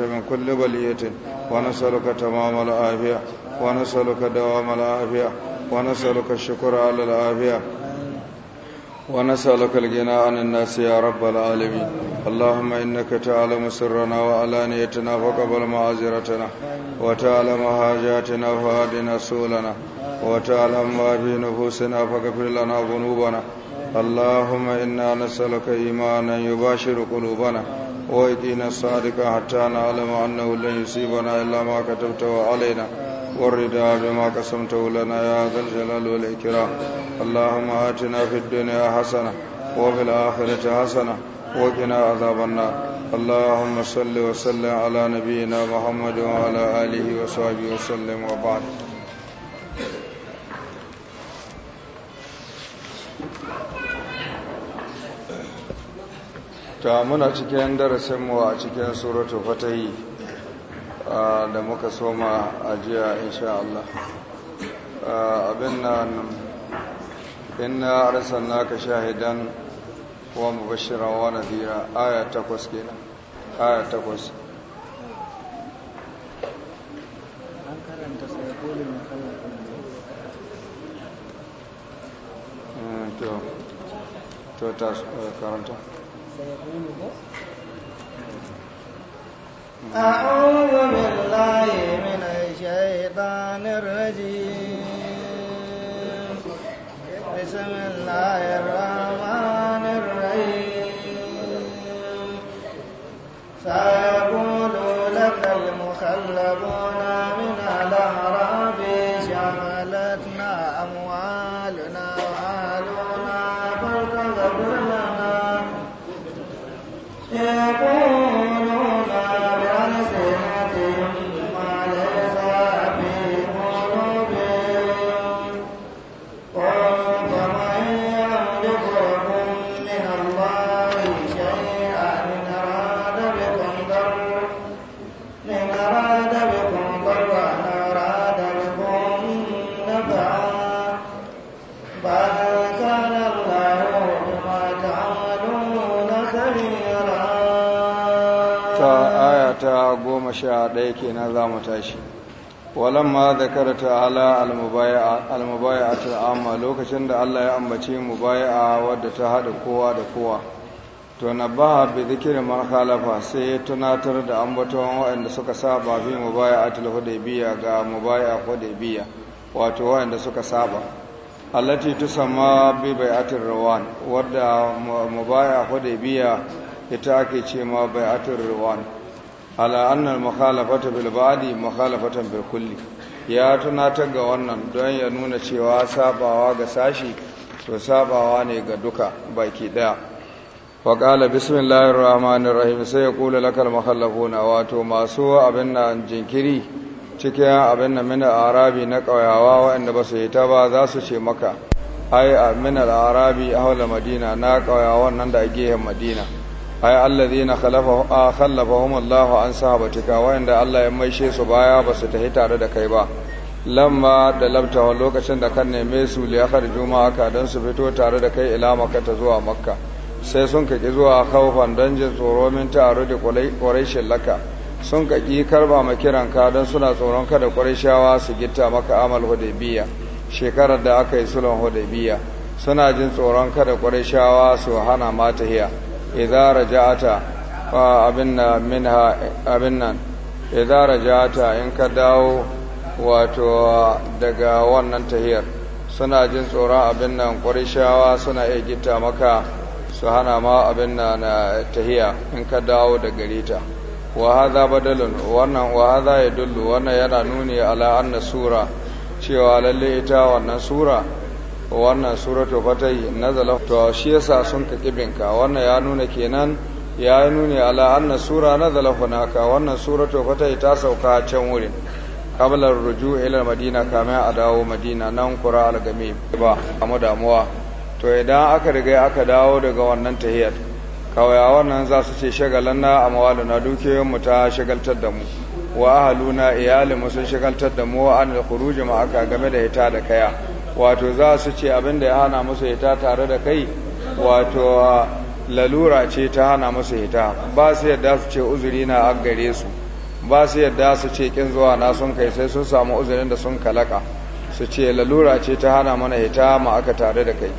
من كل بلية ونسألك تمام العافية ونسألك دوام العافية ونسألك الشكر على العافية ونسألك الغنى عن الناس يا رب العالمين اللهم إنك تعلم سرنا وعلانيتنا فقبل معذرتنا وتعلم حاجاتنا فهدنا سولنا وتعلم ما في نفوسنا فاغفر لنا ذنوبنا اللهم إنا نسألك إيمانا يباشر قلوبنا واهدنا الصادق حتى نعلم أنه لن يصيبنا إلا ما كتبته علينا والرضا بما قسمته لنا يا ذا الجلال والإكرام اللهم آتنا في الدنيا حسنة وفي الآخرة حسنة وقنا عذاب النار اللهم صل وسلم على نبينا محمد وعلى آله وصحبه وسلم وبعد ta muna cikin darasinmu a cikin suratu fatahi da muka soma a jiya insha Allah abin nan inna arsalnaka shahidan wa mubashiran wa nadhira aya 8 kenan aya 8 eh, to to ta eh, karanta أعوذ بالله من الشيطان الرجيم بسم الله الرحمن الرحيم سيقول لك المخلفون من الأعراب kenan za mu tashi ala zakara ta'ala almubayi'atul amma lokacin da Allah ya ambace mubayi'a wadda ta hada kowa da kowa to nabaha bi dhikri man khalafa sai ya tunatar da ambaton waɗanda suka saba bi al hudaybiya ga mubayi'a hudaybiya wato waɗanda suka saba allati tusamma bi bai'atir rawan wadda mubayi'a hudaybiya ita ake cewa ma bai'atir rawan ala annal mukhalafata bil ba'di mukhalafatan bil kulli ya tunatar ga wannan don ya nuna cewa sabawa ga sashi to sabawa ne ga duka baki daya wa qala bismillahir rahmanir rahim sai ya kula lakal mukhallafuna wato masu abin nan jinkiri cikin abin nan min arabi na kauyawa waɗanda ba su yi ta ba za su ce maka ai min al arabi ahwal madina na kauyawan nan da a madina ai allazina khalafa ah, khallafahum Allah an sahabatika wanda Allah ya maishe su baya ba su tafi tare da kai ba lamma da wa lokacin da kan neme su li juma'a ka dan su fito tare da kai ila makka ta zuwa makka sai sun kaki zuwa khaufan don jin tsoro min taro da quraish laka sun kaki karba ma kiranka dan suna tsoron kada quraishawa su gitta maka amal hudaybiya shekarar da aka yi sulhun hudaybiya suna jin tsoron kada quraishawa su hana mata hiya idza raja'ata fa abinna minha abinnan idza raja'ata in ka dawo wato daga wannan tahiyar suna jin tsoron abin nan ƙwarishawa suna iya gita maka su hana ma abin nan na tahiya in ka dawo da gare ta wa hadha badalun wannan wa hadha yadullu wannan yana nuni ala sura cewa lallai ita wannan sura wannan suratu fatai nazala to shi yasa sun ka kibinka wannan ya nuna kenan ya nuni ala anna sura nazala hunaka wannan suratu fatai ta sauka can wurin kablar ruju ila madina kamar a dawo madina nan kura al ba amma damuwa to idan aka riga aka dawo daga wannan tahiyar kawai a wannan za su ce shagalanna na dukiyoyin mu ta shagaltar da mu wa ahaluna iyalin mu sun shagaltar da mu wa an khuruj game da ita da kaya wato za su ce abin da ya hana musu hita tare da kai wato lalura ce ta hana musu hita ba su yadda su ce uzuri na an gare su ba su yadda su ce kin zuwa na sun kai sai sun samu uzurin da sun kalaka su ce lalura ce ta hana mana hita ma aka tare da kai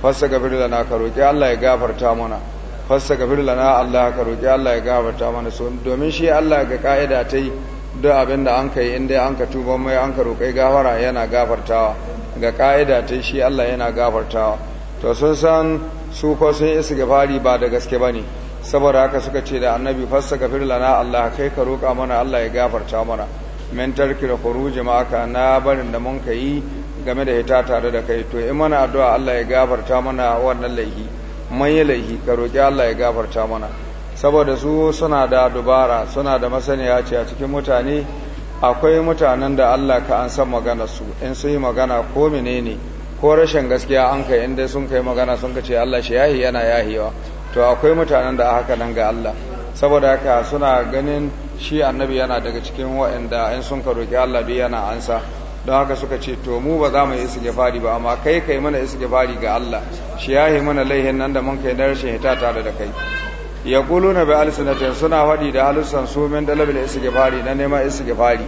fassa gafir lana ka roƙi Allah ya gafarta mana fassa gafir lana Allah ka roƙi Allah ya gafarta mana su domin shi Allah ga ka'ida ta yi duk abin da an kai inda an ka tuba mai an ka roƙi gafara yana gafartawa ga ka'ida ta shi Allah yana gafartawa to sun san su ko sun isa gafari ba da gaske ba ne saboda haka suka ce da annabi fassa gafir lana Allah kai ka roƙa mana Allah ya gafarta mana min tarki da kuru jama'aka na barin da mun yi game da hita tare da kai to in mana addu'a Allah ya gafarta mana wannan laihi man yi laihi ka roƙi Allah ya gafarta mana saboda su suna da dubara suna da masaniya ce a cikin mutane akwai mutanen da Allah ka an san magana su in sun yi magana ko menene ko rashin gaskiya an kai inda sun kai magana sun ka ce Allah shi yahi yana yahiwa to akwai mutanen da haka nan ga Allah saboda haka suna ganin shi annabi yana daga cikin waɗanda in sun ka roki Allah bi yana ansa don haka suka ce to mu ba za mu yi istighfari ba amma kai kai mana fari ga Allah shi yahi mana laihin nan da mun kai na rashin hita tare da kai ya na ta alsinatin suna haɗi da halussan su min dalabil istighfari na neman istighfari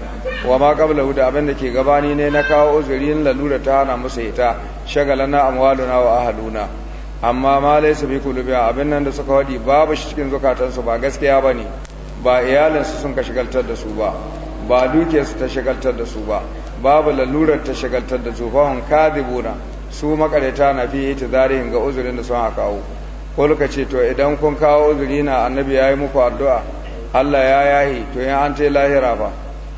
wa ma kabla da abin da ke gabani ne na kawo uzurin lalura ta hana musu ita shagalana amwaluna wa Haluna amma ma laisa bi qulubiha abin nan da suka faɗi babu shi cikin zukatansu ba gaskiya ba ne ba iyalinsu sun ka shigaltar da su ba ba dukiyarsu ta shigaltar da su ba babu lalurar ta shigaltar da su fa hun kadibuna su makareta na fiye fi itizarihin ga uzurin da sun kawo ko ka ce to idan kun kawo zuri na annabi ya yi muku addu'a Allah ya yahi to in an ce lahira ba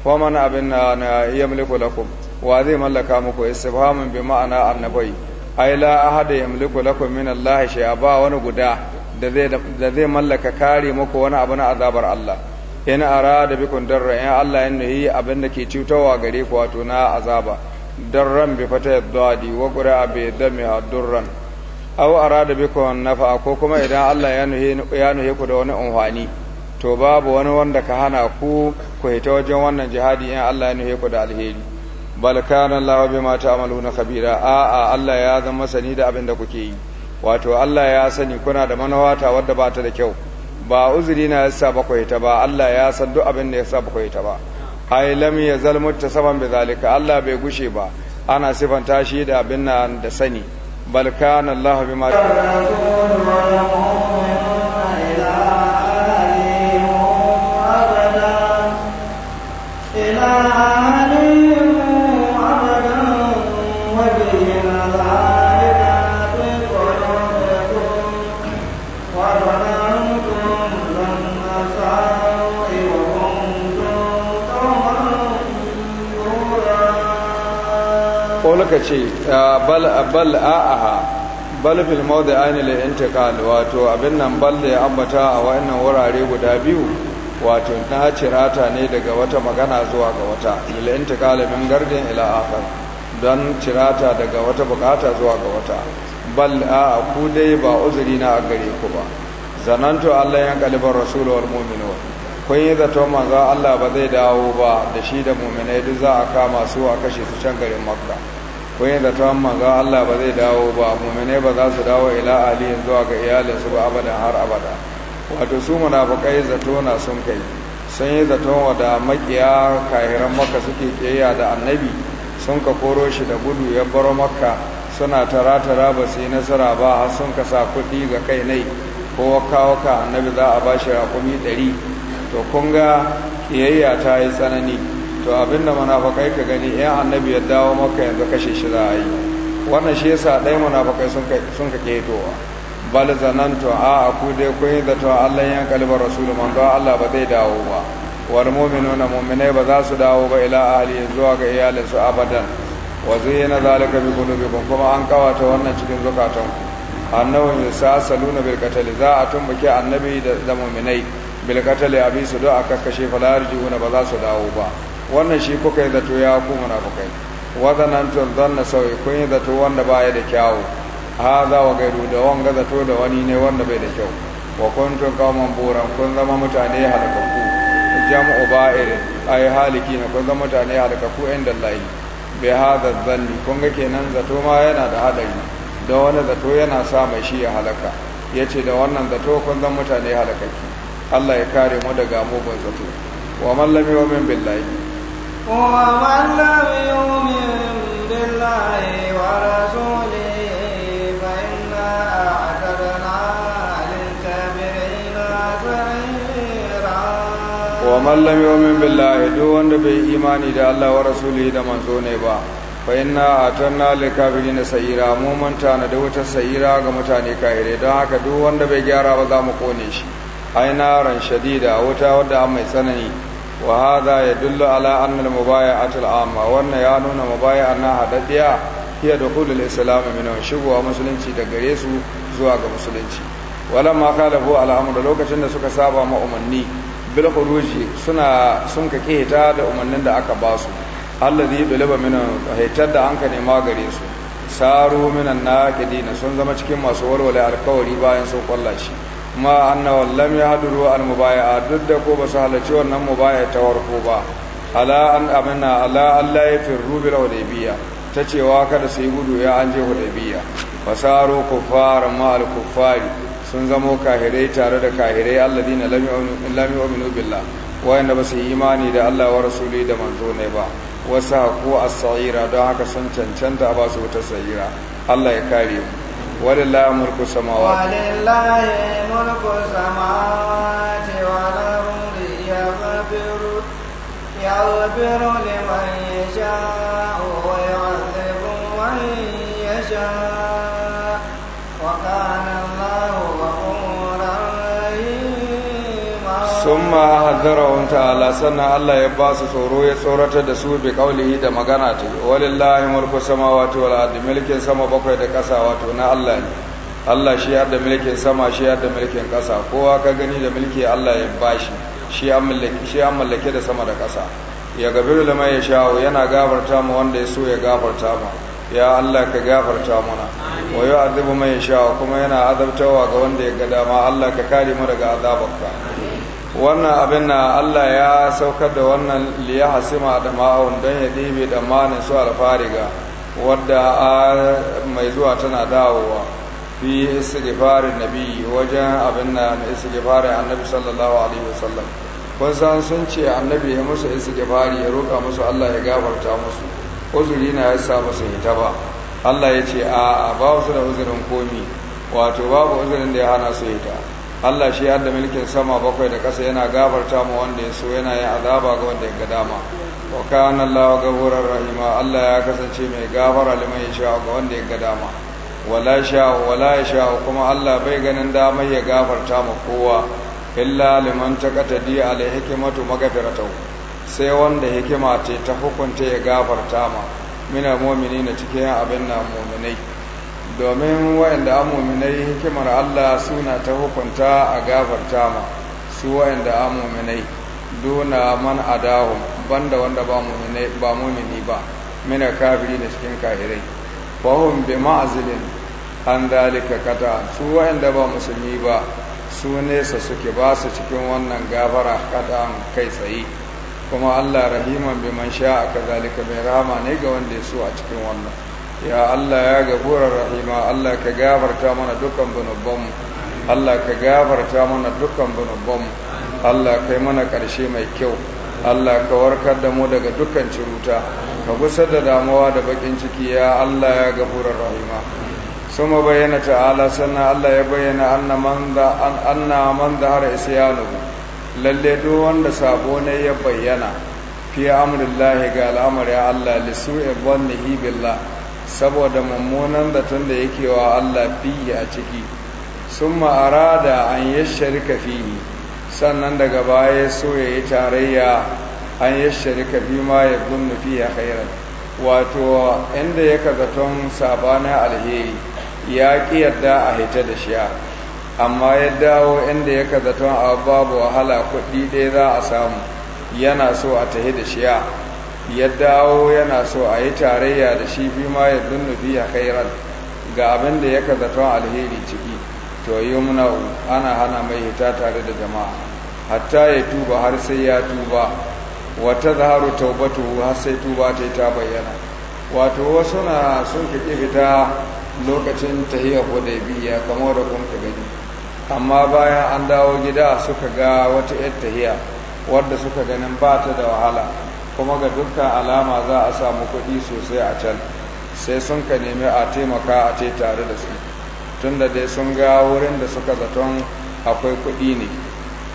fa abin na iya mulku lakum wa zai mallaka muku istifhamun bi ma'ana annabai ai la ahada mulku lakum min Allah a ba wani guda da zai mallaka kare muku wani abu na azabar Allah in da bikum darra in Allah ya nuhi abin da ke cutarwa gare ku wato na azaba darran bi fata wadi, wa a bai dami durran aw arada bikum nafa'a ko kuma idan Allah ya nuhe ya nuhe ku da wani umfani to babu wani wanda ka hana ku ku hita wajen wannan jihadi in Allah ya nuhe ku da alheri bal kana Allah bima ta'maluna khabira a a Allah ya zama sani da abin da kuke yi wato Allah ya sani kuna da manawata wadda ba ta da kyau ba uzuri na yasa ba ku hita ba Allah ya san duk abin da yasa ba ku hita ba ai lam yazal muttasaban bi zalika Allah bai gushe ba ana sifanta shi da abin nan da sani بل كان الله بما kawul ka ce bal bal a'aha bal fil mawdi'ain lil intiqal wato abin nan bal da ya ambata a wannan wurare guda biyu wato na cirata ne daga wata magana zuwa ga wata lil intiqal min gardin ila akhar don cirata daga wata bukata zuwa ga wata bal a ku dai ba uzuri na a gare ku ba zananto Allah ya kalibar rasul muminu kun yi zato manzo Allah ba zai dawo ba da shi da mu'minai duk za a kama su a kashe su can garin makka Wani da zaton manzon Allah ba zai dawo ba mummune ba za su dawo ila aliyin zuwa ga iyalinsu ba abadan har abada wato su munafukai zato na sun kai sun yi zato wada makiya kahiran maka suke keya da annabi sun ka koro shi da gudu ya baro maka suna tara-tara ba su yi nasara ba har sun ka sa kuɗi ga kai nai ko waka-waka annabi za a ba shi rakumi ɗari to kun ga kiyayya ta yi tsanani to abinda da munafakai ka gani ya annabi ya dawo maka yanzu kashe shi za a yi wannan shi yasa dai munafakai sun ka ketowa bal zanantu a a ku dai kun da to Allah yan kalbar rasulu manzo Allah ba zai dawo ba wal mu'minuna mu'minai ba za su dawo ba ila ahli zuwa ga iyalinsu abadan wa zayyana zalika bi qulubikum kuma an kawata wannan cikin zukatanku annawun yasasaluna bil qatl za a tumbuke annabi da mu'minai bil qatl abi su da aka kashe falarjiuna ba za su dawo ba wannan shi kuka yi zato ya ku munafukai wadannan tun zanna sauyi kun yi zato wanda baya da kyawu haza wa gairu da wanga zato da wani ne wanda bai da kyau wa tun qauman buran kun zama mutane halakakku jam'u ba'irin yi haliki na kun zama mutane halakaku inda Allah bi hada zanni kun ga kenan zato ma yana da hadari da wani zato yana sa mai shi ya halaka ce da wannan zato kun zama mutane halakakki Allah ya kare mu daga mugun zato wa mallami wa min billahi Kuwa Mallamiya, Wudilai, Warasuli, Fahimtar, Sannan, do wanda bai yi imani da Allah, Warasuli, da Matsu na ba, fahimtar a tonnare kafin na tsira mun manta na da wutar tsira ga mutane kairai, don haka do wanda bai gyara ba za mu kone shi, aina ran shadi da wadda mai tsanani. wa hada ya dullu ala annal mubaya'atu al'amma wannan ya nuna mubaya'a na hadaddiya hiya dukhulul islam minhum shigowa musulunci da gare su zuwa ga musulunci wala ma kalafu al'amru lokacin da suka saba ma umanni bil khuruji suna sun ka kihita da umannin da aka ba su alladhi dulaba min haitar da an ma nema gare su saru minan nakidina sun zama cikin masu warware alkawari bayan sun kwallace ma annahu lam yahduru al mubaya'a duk da ko ba su halarci wannan mubaya ta warko ba ala an amina ala Allah ya firru bil hudaybiya ta cewa kada su yi gudu ya an je fasaru kuffar ma al kuffari sun zamo kahirai tare da kahirai alladina lam yu'minu lam yu'minu billah wayanda ba su yi imani da Allah wa rasuli da manzo ne ba wasa ko a saira don haka sun cancanta ba su wuta sa'ira Allah ya kare mu ولله ملك السماوات ولله ملك السماوات والأرض يغفر يغفر لمن يشاء ويعذب من يشاء adarahum ta'ala sannan Allah ya ba su tsoro ya tsoratar da su bi kaulihi da magana ta walillahi mulku samawati wal ardi milkin sama bakwai da ƙasa wato na Allah ne Allah shi da milkin sama shi da milkin ƙasa kowa ka gani da milki Allah ya bashi shi an mallake shi an mallake da sama da ƙasa ya gabiru lama ya sha'u yana gafarta mu wanda ya so ya gafarta mu ya Allah ka gafarta mana wa yu'adhibu man yasha kuma yana azabtawa ga wanda ya ga dama Allah ka kare mu daga azabarka wannan abin na Allah ya saukar da wannan liya hasima da ma'aun don ya ɗebe da manin su alfariga wadda a mai zuwa tana dawowa fi na nabi wajen abin na istighfarin annabi sallallahu alaihi wasallam kun san sun ce annabi ya musu istighfari ya roƙa musu Allah ya gafarta musu uzuri na ya sa musu ita ba Allah ya ce a ba su da uzurin komi wato babu uzurin da ya hana su ita Allah shi yadda mulkin sama bakwai da ƙasa yana gafarta mu wanda ya so yana yin azaba ga wanda ya ga dama wa kana wa ghafurur rahima Allah ya kasance mai gafara liman yasha ga wanda ya ga dama wala sha wala sha kuma Allah bai ganin damai ya gafarta mu kowa illa liman taqatadi alai hikmatu magfiratu sai wanda hikima ce ta hukunta ya gafarta ma mina mu'minina cikin abin na mu'minai domin wa'anda amominai hikimar Allah suna ta hukunta a gafar tama, su wa'anda amominai duna man adahu banda wanda ba mumini ba mu'mini ba mina kafiri da cikin kahirai fa hum bi ma'zilin an dalika kata su wa'anda ba musulmi ba su nesa suke ba su cikin wannan gafara kata kai tsaye kuma Allah rahiman bi man sha'a kazalika bai rama ne ga wanda ya so a cikin wannan ya Allah ya gafurar rahima Allah ka gafarta mana dukkan zunubanmu Allah ka gafarta mana dukkan zunubanmu Allah kai mana ƙarshe mai kyau Allah ka warkar da mu daga dukkan ciruta ka gusar da damuwa da bakin ciki ya Allah ya gafurar rahima suma bayyana ta'ala sannan Allah ya bayyana anna man da anna man da har isyanu lalle duk wanda sabo ne ya bayyana fi amrillahi ga al'amari Allah li su'i dhannihi billah saboda mummunan zaton da yake wa Allah fiye a ciki sun ma'arada an yi sharika fiye. sannan daga baya so ya yi tarayya an yi sharika fi ma ya gunnu fiye khairan wato inda ya yaka zaton sabanin alheri ya ƙi yadda a hita da shiya amma ya dawo inda yaka zaton a babu wahala kuɗi ɗaya za a samu yana so a tahi da shiya ya dawo yana so a yi tarayya da shi fi ma ya dunnu a kairan, ga abin da ya zaton alheri ciki to yi muna ana hana mai hita tare da jama'a hatta ya tuba har sai ya tuba wata zaharu taubatu har sai tuba ta ta bayyana wato wasu na sun kiɗi fita lokacin tahiyar hudaybiya kamar da kun gani amma bayan an dawo gida suka ga wata yar tahiya wadda suka ganin ba ta da wahala kuma ga dukkan alama za a samu kuɗi sosai a can sai sun ka nemi a taimaka a ce tare da su tun da dai sun ga wurin da suka zaton akwai kuɗi ne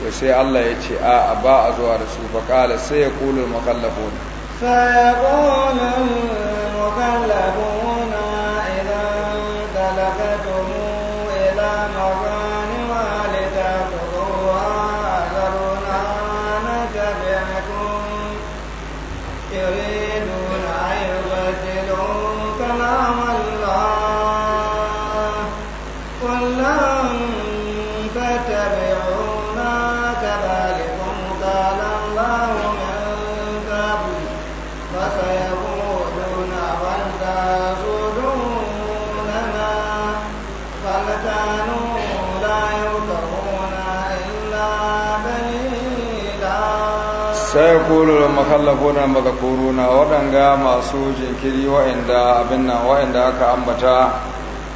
to sai Allah ya ce a ba a zuwa da su ba kala sai ya kulu makallafon fa makallafon mukallafuna mazakuruna waɗanga masu jinkiri wa'inda abin nan wa'inda aka ambata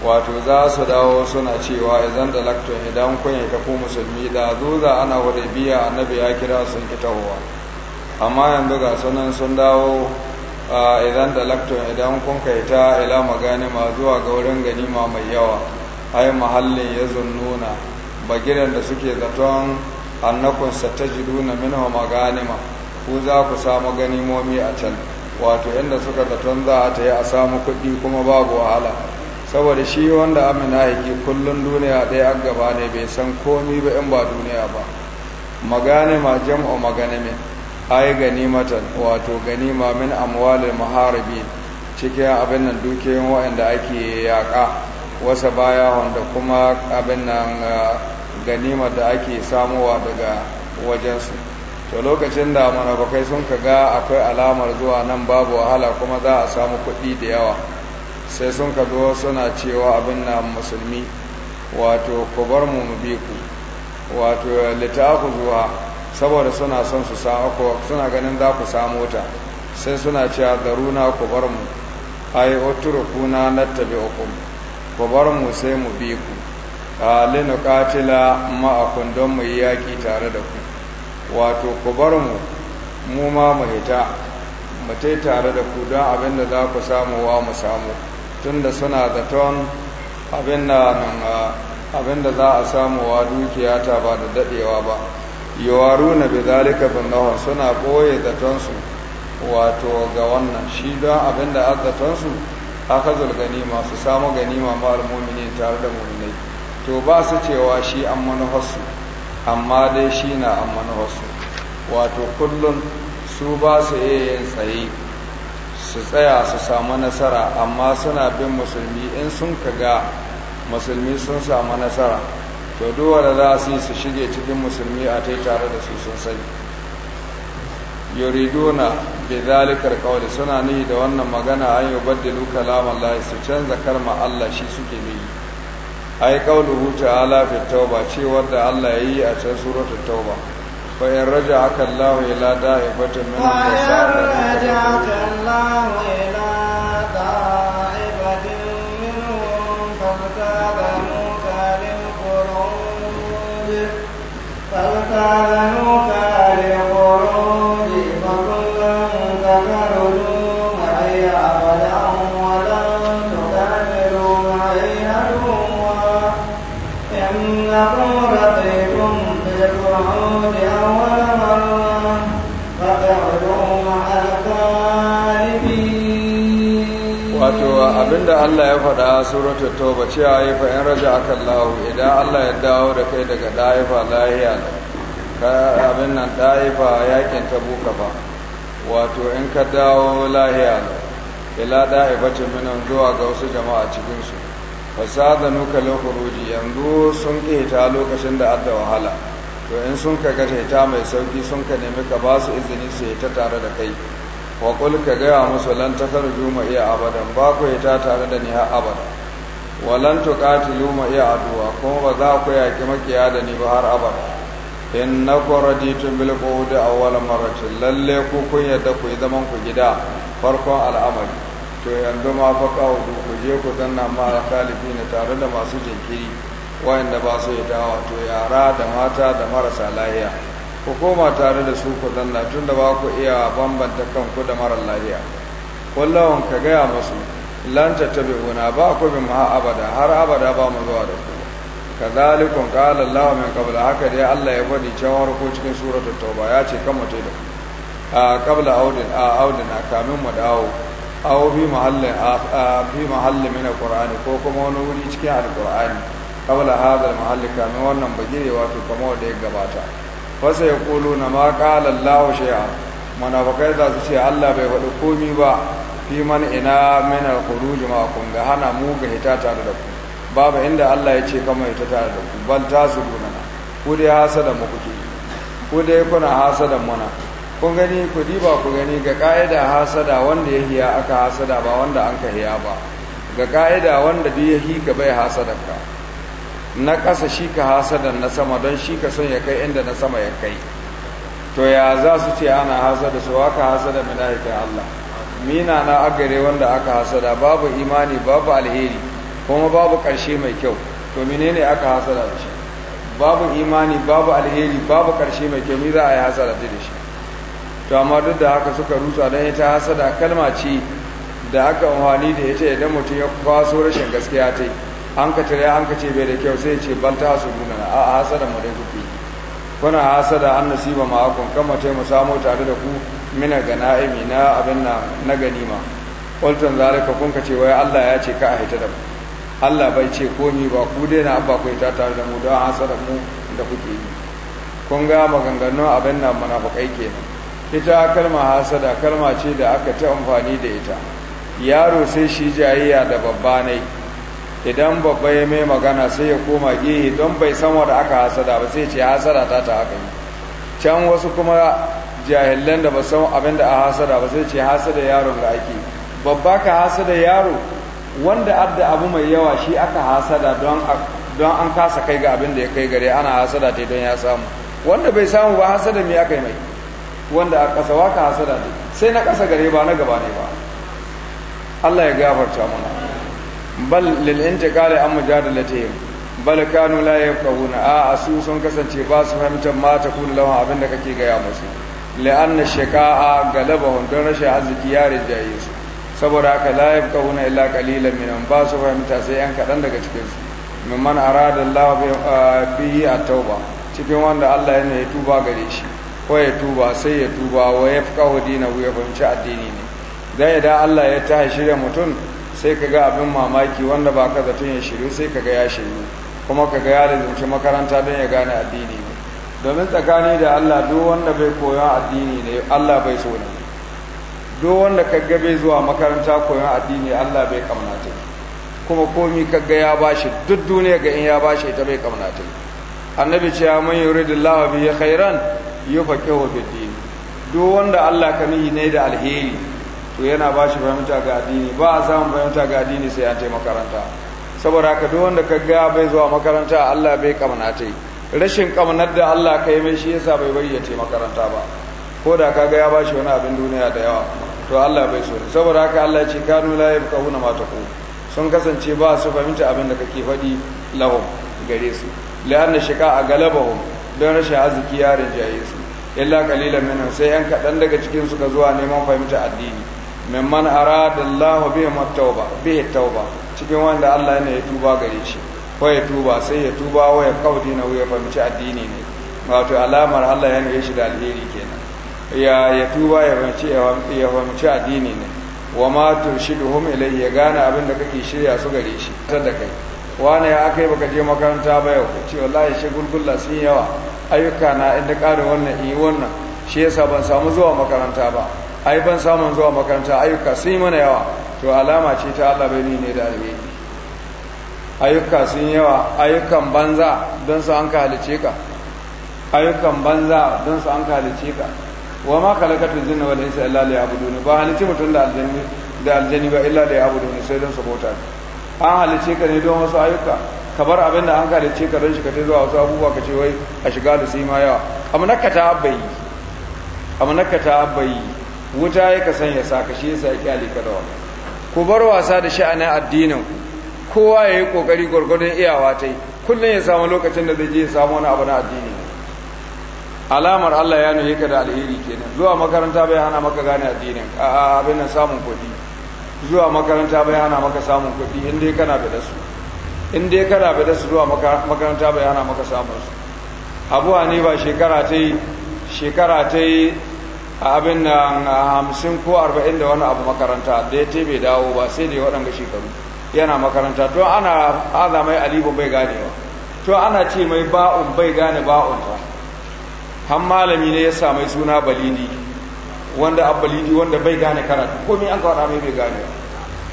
wato za su dawo suna cewa idan da laktun idan kun yi tafi musulmi da zuza ana biya annabi ya kira sun ki tahowa amma yanzu ga sunan sun dawo idan da laktun idan kun kai ta ila maganima zuwa ga wurin ganima mai yawa ai mahallin ya zunnuna bagiran da suke zaton annakun satajiduna minhu maganima ku za ku samu ganimomi a can wato inda suka zaton za a ta yi a samu kuɗi kuma babu wahala saboda shi wanda amina yake kullum duniya ɗaya an gaba ne bai san komi ba in ba duniya ba magane ma jam'u min ai ganimatan wato ganima min amwalil maharibi cikin abin nan dukiyoyin waɗanda ake yaƙa wasa baya wanda kuma abin nan ah, ganimar da ake samuwa daga wajensu to lokacin da manabakai sun ka ga akwai alamar zuwa nan babu wahala kuma za a samu kuɗi da yawa sai sun ka zo suna cewa abin na musulmi wato ku bar mu mu bi ku wato litafu zuwa saboda suna son su samu suna ganin za ku samu ta sai suna cewa garuna ku bar mu ai utrukuna nattabi'ukum ku bar mu sai mu bi ku linuqatila ma'akum don mu yi yaki tare da ku wato ku bar mu mu ma mu hita mu tai tare da ku don abin da za ku samu wa mu samu tunda suna da ton abin da abin da za a samu wa dukiya ta ba da dadewa ba yawaru na bi zalika bin suna boye su wato ga wannan shi don abin da su aka zulgani masu samu ganima ma almomini tare da muminai to ba su cewa shi an manufarsu amma dai shi na amana wasu wato kullum su ba su iya yin tsaye su tsaya su samu nasara amma suna bin musulmi in sun kaga musulmi sun samu nasara to duwara za su yi su shige cikin musulmi a ta tare da su sun sani yuriduna bi zalikar kawai suna ni da wannan magana an yi baddilu kalaman su canza karma Allah shi suke nihi ai kauluhu ta'ala fi tauba ce wanda Allah ya yi a cikin surata tauba fa in raja aka Allah ila da'i fatin min fa in raja aka Allah ila da'i fatin min fa kaza mukalim qurun fa kaza mukalim da Allah ya faɗa suratul tauba cewa ya fa in raja lahu, idan Allah ya dawo da kai daga daifa lahiya ka abin nan daifa yakin buka ba wato in ka dawo lahiya ila ce minan zuwa ga wasu jama'a cikin su fasada nuka lokuruji yanzu sun keta lokacin da adda wahala to in sun ka gaje ta mai sauki sun ka nemi ka ba su izini su yi ta tare da kai waƙul ka gaya musu lan takarju ma iya abadan ba ku yi ta tare da ni har abada wa lan tuqatilu iya aduwa kuma ba za ku yaki makiya da ni ba har abada innakum raditum bil qawdi awwal marratin lalle ku kun yadda ku yi zaman ku gida farkon al'amari to yanzu ma fa qawdu ku je ku zanna ma kalifi tare da masu jinkiri wayanda ba su yi dawa to yara da mata da marasa lahiya ku koma tare da su ku zanna tun da ba ku iya bambanta kanku da marar lafiya kullum ka gaya musu lan tattabi'una ba ku bin ma abada har abada ba mu zuwa da ku kadhalikun qala Allah min qabl haka dai Allah ya faɗi cewa ko cikin suratul tauba ya ce kan mutai da a qabla audin a audin a kamin mu dawo aw bi mahallin bi mahallin min alqur'ani ko kuma wani wuri cikin alqur'ani qabla hadal almahalli kamin wannan bagire wato kamar da ya gabata fasa ya kolo na ma ƙalar lawo shaya manafakai za su ce allah bai faɗi komi ba fi man ina minar kuru jima'akun ga hana mu ga hita tare da ku babu inda allah ya ce kama hita tare da ku bal ta su na ku dai hasadan da mukuki ku dai kuna hasadan mana. kun gani ku diba ku gani ga ka'ida hasada wanda ya hiya aka hasada ba wanda an ka hiya ba ga ka'ida wanda duk ya hi ka bai da ka na ƙasa shi ka hasadan na sama don shi ka son ya kai inda na sama ya kai to ya za su ce ana hasada su aka hasada mala'ikan Allah mina na agare wanda aka hasada babu imani babu alheri kuma babu ƙarshe mai kyau to menene aka hasada da shi babu imani babu alheri babu ƙarshe mai kyau mi za a yi hasada da shi to amma duk da haka suka rusa don ita hasada kalma ce da aka amfani da ita idan mutum ya kwaso rashin gaskiya ta yi an ka tare an ka ce bai da kyau sai ce bal ta su guna a hasada mu dai kuke kuna hasada an nasiba ma akon kan mace mu samu tare da ku mina na'imi na abin na na ganima qultun zalika kun ka ce wai Allah ya ce ka a hita da mu Allah bai ce komi ba ku dai na abba ku hita tare da mu don hasada mu da kuke yi kun ga maganganun abin na munafukai kenan ita kalma hasada kalma ce da aka ta amfani da ita yaro sai shi jayayya da babba ne idan babba ya mai magana sai ya koma gehe don bai san wanda aka hasada ba sai ce hasada ta ta aka yi can wasu kuma jahilan da ba san abin da a hasada ba sai ce hasada yaron ga ake babba ka hasada yaro wanda adda abu mai yawa shi aka hasada don an kasa kai ga abin da ya kai gare ana hasada ta don ya samu wanda bai samu ba hasada mai aka yi mai wanda a ƙasa waka hasada ne sai na ƙasa gare ba na gaba ne ba Allah ya gafarta mana bal lil intiqali an mujadalatihim bal kanu la yafqahuna a asu sun kasance ba su fahimtar ma ta lawan abin da kake gaya musu na shaqa'a galaba don rashin arziki ya rijaye su saboda haka la yafqahuna illa qalilan minhum ba su fahimta sai yan kadan daga cikin su mimman arada Allah bihi at-tauba cikin wanda Allah yana ya tuba gare shi ko ya tuba sai ya tuba wa yafqahu dinahu ya fahimci addini ne dan idan Allah ya ta shirya mutum sai ka ga abin mamaki wanda ba ka zaton ya shiryu sai ka ga ya shiryu kuma ka ga ya lalunci makaranta don ya gane addini ne domin tsakani da Allah duk wanda bai koyon addini ne Allah bai so ne duk wanda ka ga bai zuwa makaranta koyon addini Allah bai kamnata kuma komi ka ga ya bashi duk duniya ga in ya bashi ita bai kamnata annabi ce ya man yuridillahu kairan khairan yufaqihu fid din duk wanda Allah ka nihi ne da alheri to yana ba shi fahimta ga addini ba a samun fahimta ga addini sai an taimaka makaranta saboda haka duk wanda ka ga bai zuwa makaranta Allah bai kamana ta rashin kamanar da Allah ka yi mai shi yasa bai bari ya ce makaranta ba ko da ka ga ya ba shi wani abin duniya da yawa to Allah bai so saboda haka Allah ya ce kanu la huna mata taqul sun kasance ba su fahimta abin da kake faɗi lahum gare su la'anna shika a galabahum don rashin arziki yarin rinjaye su illa kalilan minhum sai yan kaɗan daga cikin suka zuwa neman fahimta addini mimman arada Allah bihi tauba bihi tauba cikin wanda Allah yana ya tuba gare shi ko ya tuba sai ya tuba wa ya kaudi na ya fahimci addini ne wato alamar Allah yana ya shi da alheri kenan ya ya tuba ya fahimci ya fahimci addini ne wa ma turshiduhum ilayhi ya gane abin da kake shirya su gare shi ta da kai wani ya aka yi baka je makaranta ba yau ce wallahi shi gulgulla sun yawa ayyuka na inda ƙarin wannan yi wannan shi yasa ban samu zuwa makaranta ba ai ban samun zuwa makaranta ayyuka sun yi mana yawa to alama ce ta Allah bai ne da alheri ayyuka sun yawa ayyukan banza don su an kalice ka ayyukan banza don su an kalice ka wa ma khalaqatul jinna wal insa illa liya'budun ba halice mutum da aljanni da aljanni ba illa liya'budun sai don su bauta an halice ka ne don wasu ayyuka ka bar abin da an kalice ka don shi ka ta zuwa wasu abubuwa ka ce wai a shiga da su ma yawa amma nakka ta abbayi amma nakka ta abbayi wuta ya ka sanya sa shi yasa yake alika ku bar wasa da sha'anin addinin kowa ya yi kokari gwargwadon iyawa ta yi kullum ya samu lokacin da zai je ya samu wani abu na addini alamar Allah ya nuhi ka da alheri kenan zuwa makaranta bai hana maka gane addinin a abin nan samun kuɗi zuwa makaranta bai hana maka samun kuɗi in dai kana da su in dai kana da su zuwa makaranta bai hana maka samun su abuwa ne ba shekara ta yi shekara ta yi abin na hamsin ko arba'in da wani abu makaranta da ya tebe dawo ba sai da ya waɗanga shekaru yana makaranta to ana haza mai alibin bai gane wa to ana ce mai ba'un bai gane ba'unta han malami ne ya samai suna balidi wanda a balidi wanda bai gane karatu komi an waɗa mai bai gane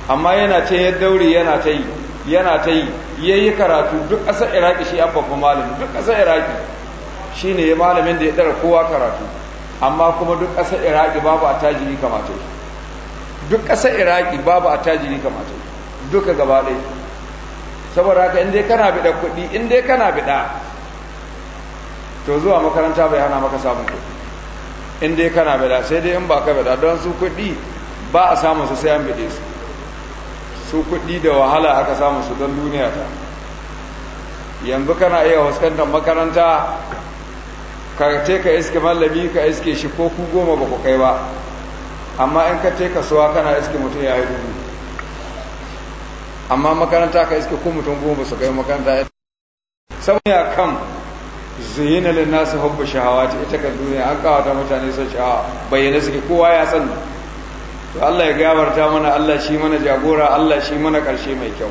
amma yana ce ya daure yana ta yi yana ta yi ya yi karatu duk ƙasar iraki shi an babban malami duk ƙasar iraki shi ne malamin da ya ɗara kowa karatu amma kuma duk ƙasar iraki babu a tajiri kamata duk ƙasar iraki babu a tajiri kamata duka gaba ɗaya saboda haka inda kana biɗa kuɗi inda kana biɗa to zuwa makaranta bai hana maka samun kuɗi inda kana biɗa sai dai in ba ka biɗa don su kuɗi ba a samun su sai an biɗe su su kuɗi da wahala aka samun su don duniya ta yanzu kana iya fuskantar makaranta ka te ka iske mallami ka iske shi ko ku goma ba ku kai ba amma in ka te suwa kana iske mutum ya yi dubu amma makaranta ka iske ko mutum goma su kai makaranta ya kan zuyina lin nasu hubbu shahawati ita ka duniya an kawata mutane sun sha'awa bayyana suke kowa ya sani to Allah ya gabarta mana Allah shi mana jagora Allah shi mana karshe mai kyau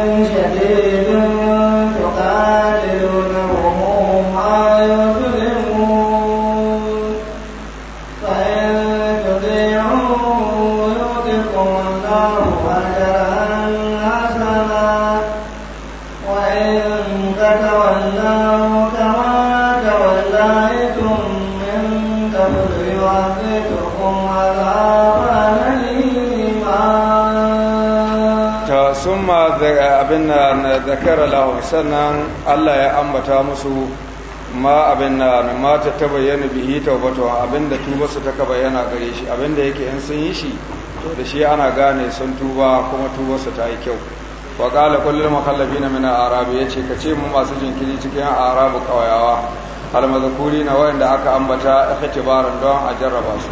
abin na zakara lahu sannan Allah ya ambata musu ma abin na na mata ta bayyana bihi tawbatu abin da tuba su ta bayyana gare shi abin da yake in sun yi shi to da shi ana gane sun tuba kuma tuba su ta yi kyau wa qala kullu mukhallafina min al arabi yace kace mu masu jinkiri cikin arabu kawayawa mazkuri na wanda aka ambata ihtibaran don a jarraba su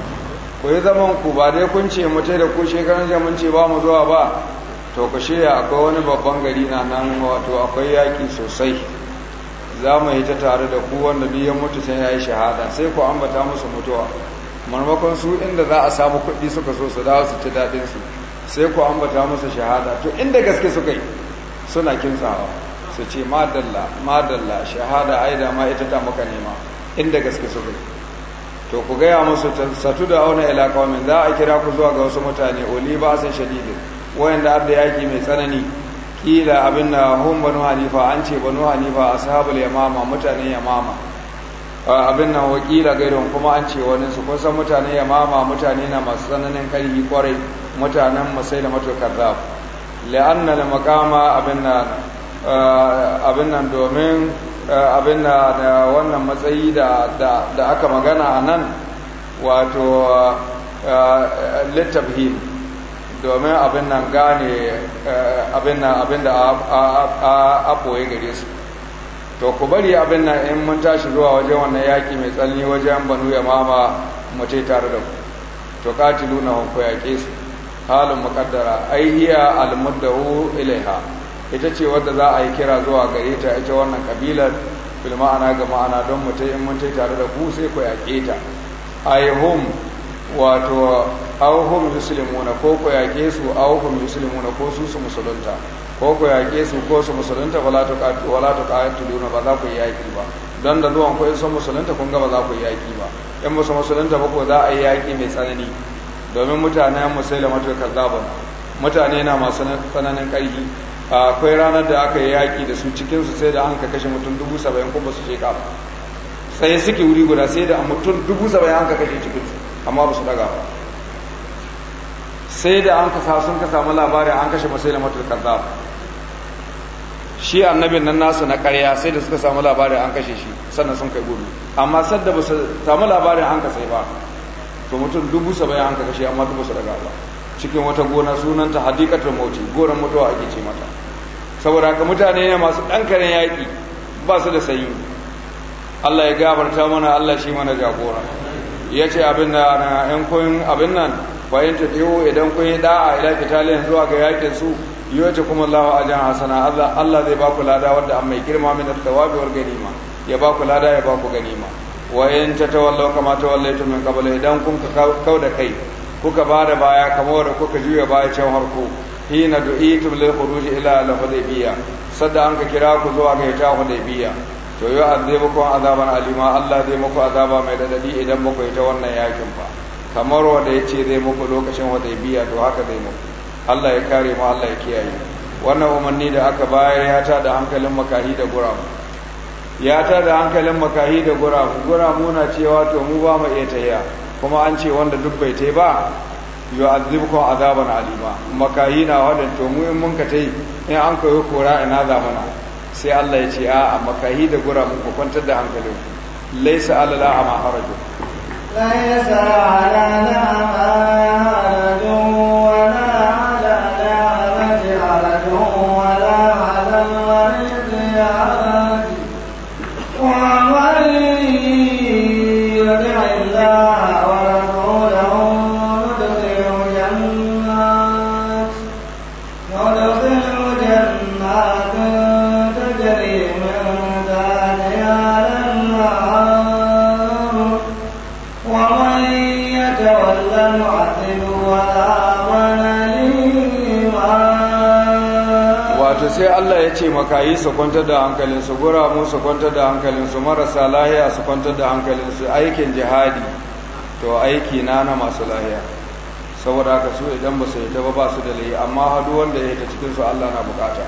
ko yi zaman ku ba dai kun ce mu da ku shekaran da ce ba mu zuwa ba to ku shirya akwai wani babban gari na nan wato akwai yaƙi sosai za mu yi ta tare da ku wanda biyan mutu sai ya yi shahada sai ku ambata musu mutuwa marmakon su inda za a samu kuɗi suka so su dawo su ci daɗinsu sai ku ambata musu shahada to inda gaske suka yi suna kintsawa su ce madalla madalla shahada ai da ma ita ta muka nema inda gaske suka yi to ku gaya musu satu da auna ila za a kira ku zuwa ga wasu mutane oli ba san shadidin da abda yaki mai tsanani kila abin da hun banu hanifa an ce banu hanifa ashabul yamama mutanen yamama abin nan wakila gairun kuma an ce wani su kusan mutanen yamama mutane na masu tsananin karfi kwarai mutanen masai da mato kazzab la'anna da makama abin nan abin nan domin abin da wannan matsayi da aka magana a nan wato littabhim domin abin nan gane eh, abin nan abin da a ɓoye gare su to ku bari abin nan in mun tashi zuwa wajen wannan yaƙi mai tsanani wajen banu ya mama mace tare da ku to katilu na ya yaƙe su halin muƙaddara ai almuddahu ilaiha ita ce wadda za a yi kira zuwa gare ta ita wannan kabilar Filma ana ga ma'ana don mutum in mun tare da ku sai ku yaƙe ta ayyuhum wato auhum yuslimuna ko ko yake su auhum yuslimuna ko su su musulunta ko ko yake su ko su musulunta wala ta wala to qatiluna ba za ku yaƙi ba dan da zuwan ko su musulunta kun ga ba za ku yaƙi ba in su musulunta ba ko za a yi yaƙi mai tsanani domin mutanen to kazzabun mutane na masu tsananin karfi akwai ranar da aka yi yaƙi da su cikinsu sai da an ka kashe mutum dubu saba'in kuma su sheka sai suke wuri guda sai da mutum dubu saba'in an ka kashe cikinsu amma ba su daga ba sai da an kasa sun ka samu labarin an kashe matar kazzab shi annabin nan nasu na karya sai da suka samu labarin an kashe shi sannan sun kai gudu amma sadda ba su samu labarin an kasai ba to mutum dubu saba'in an ka kashe amma dubu su daga ba cikin wata gona sunanta hadikatar mauti goron mutuwa ake ce mata saboda ka mutane ne masu ɗankarin yaƙi ba su da sayi Allah ya gabarta mana Allah shi mana jagora ya ce abin da ‘yan kun abin nan bayan tafiyo idan kun yi da'a ila fitaliyan zuwa ga yakin su yi wace kuma lawa a jan hasana Allah zai baku lada wanda an mai girma min tawabi wal ganima ya baku lada ya baku ganima wayan ta tawallo kama tawallaitu min qabl idan kun ka kau da kai kuka ba da baya kamar da kuka juya baya can harko hina du'itum lil khuruj ila al sadda an ka kira ku zuwa ga ta hudaybiyya to yau muku azaban alima Allah zai muku azaba mai dadadi idan muku ita wannan yakin ba kamar wanda ya ce zai muku lokacin biya to haka zai muku Allah ya kare mu Allah ya kiyaye wannan umarni da aka bayar ya ta da hankalin makahi da guramu ya ta da hankalin makahi da guramu guramu na cewa to mu ba mu iya tayya kuma an ce wanda duk bai tayi ba azibku azaban alima makahi na wadan to mu in mun ka tayi in an koyo kora ina zamana sai Allah ya ce a makahi da gura muku kwantar da hankalin laisa alala a maharajin na sai Allah ya ce yi su kwantar da hankalinsu guramu su kwantar da hankalinsu marasa lahiya su kwantar da hankalinsu aikin jihadi to aiki na na masu lahiya saboda haka su idan ba su yi ta ba su da lahi amma hadu wanda ya hita cikinsu Allah na bukata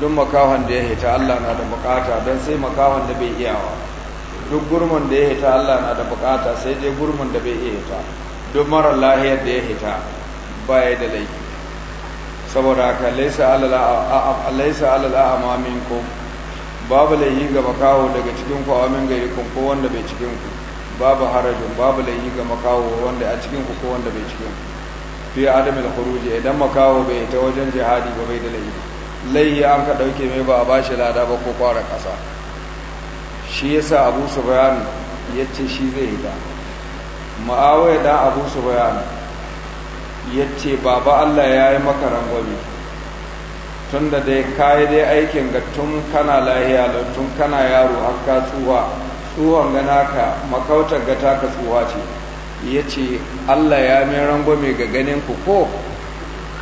duk makawan da ya hita Allah na da bukata don sai makawan da bai iyawa duk gurman da ya hita Allah na da bukata sai dai gurman da bai iya hita duk mara lahiyar da ya hita ba ya da laifi saboda haka laisa alala a mamin ku. babu laihi ga makawo daga cikin ku gari kun ko wanda bai cikin ku babu harajin babu laihi ga makawo wanda a cikin ku ko wanda bai cikin ku fi al khuruji idan makawo bai ta wajen jihadi ba bai da laihi laihi an ka dauke mai ba a bashi lada ba ko kwara kasa shi yasa Abu Ya ce shi zai yi da ma'awai dan Abu bayan. ya ce baba Allah ya yi maka rangwami tun da dai kayi dai aikin ga tun kana lahiya tun kana yaro har ka tsuwa tsuwan gana ka makautar ga taka tsuwa ce ya ce Allah ya mai rangwame ga ganin ku ko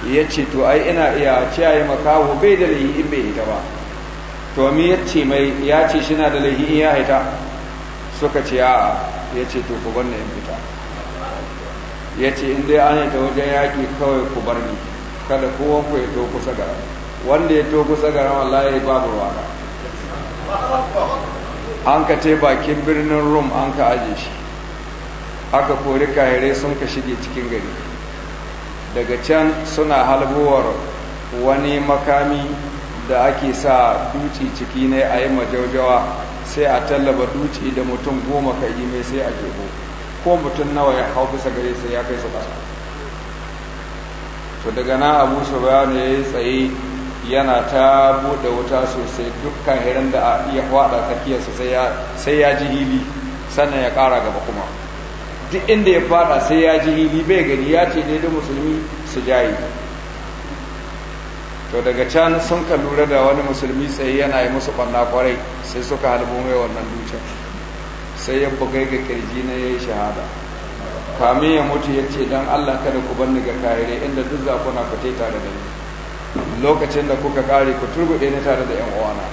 ya ce to ai ina iya ce ya yi makaho bai da lahi in bai hita ba to mi ya ce mai ya ce shi na da lahi in ya hita suka ce a'a ya ce to ku na in fita ya ce in dai an ta wajen yaƙi kawai ku bar ni kada kowa ku ya to kusa gara wanda ya to kusa gara wallahi babu ruwa an ka te bakin birnin rum an ka aje shi aka kori kahirai sun ka shige cikin gari daga can suna halbuwar wani makami da ake sa duci ciki ne a yi majaujawa sai a tallaba duci da mutum goma ka yi mai sai a jeho ko mutum nawa ya hau bisa gare sai ya kai su ƙasa to daga na abu su ya yi tsaye yana ta buɗe wuta sosai dukkan hirin da iya faɗa tsakiyarsa sai ya ji hili sannan ya ƙara gaba kuma duk inda ya fada sai ya ji hili bai gani ya ce da musulmi su jayi to daga can sun ka lura da wani musulmi tsaye yana yi musu ɓanna kwarai sai suka halbo mai wannan dutsen sai ya bugai ga kirji na ya yi shahada kame ya mutu ya ce don Allah kada ku banni ga kayare inda duk za ku na ku tare da ni lokacin da kuka kare ku turbuɗe na tare da yan uwana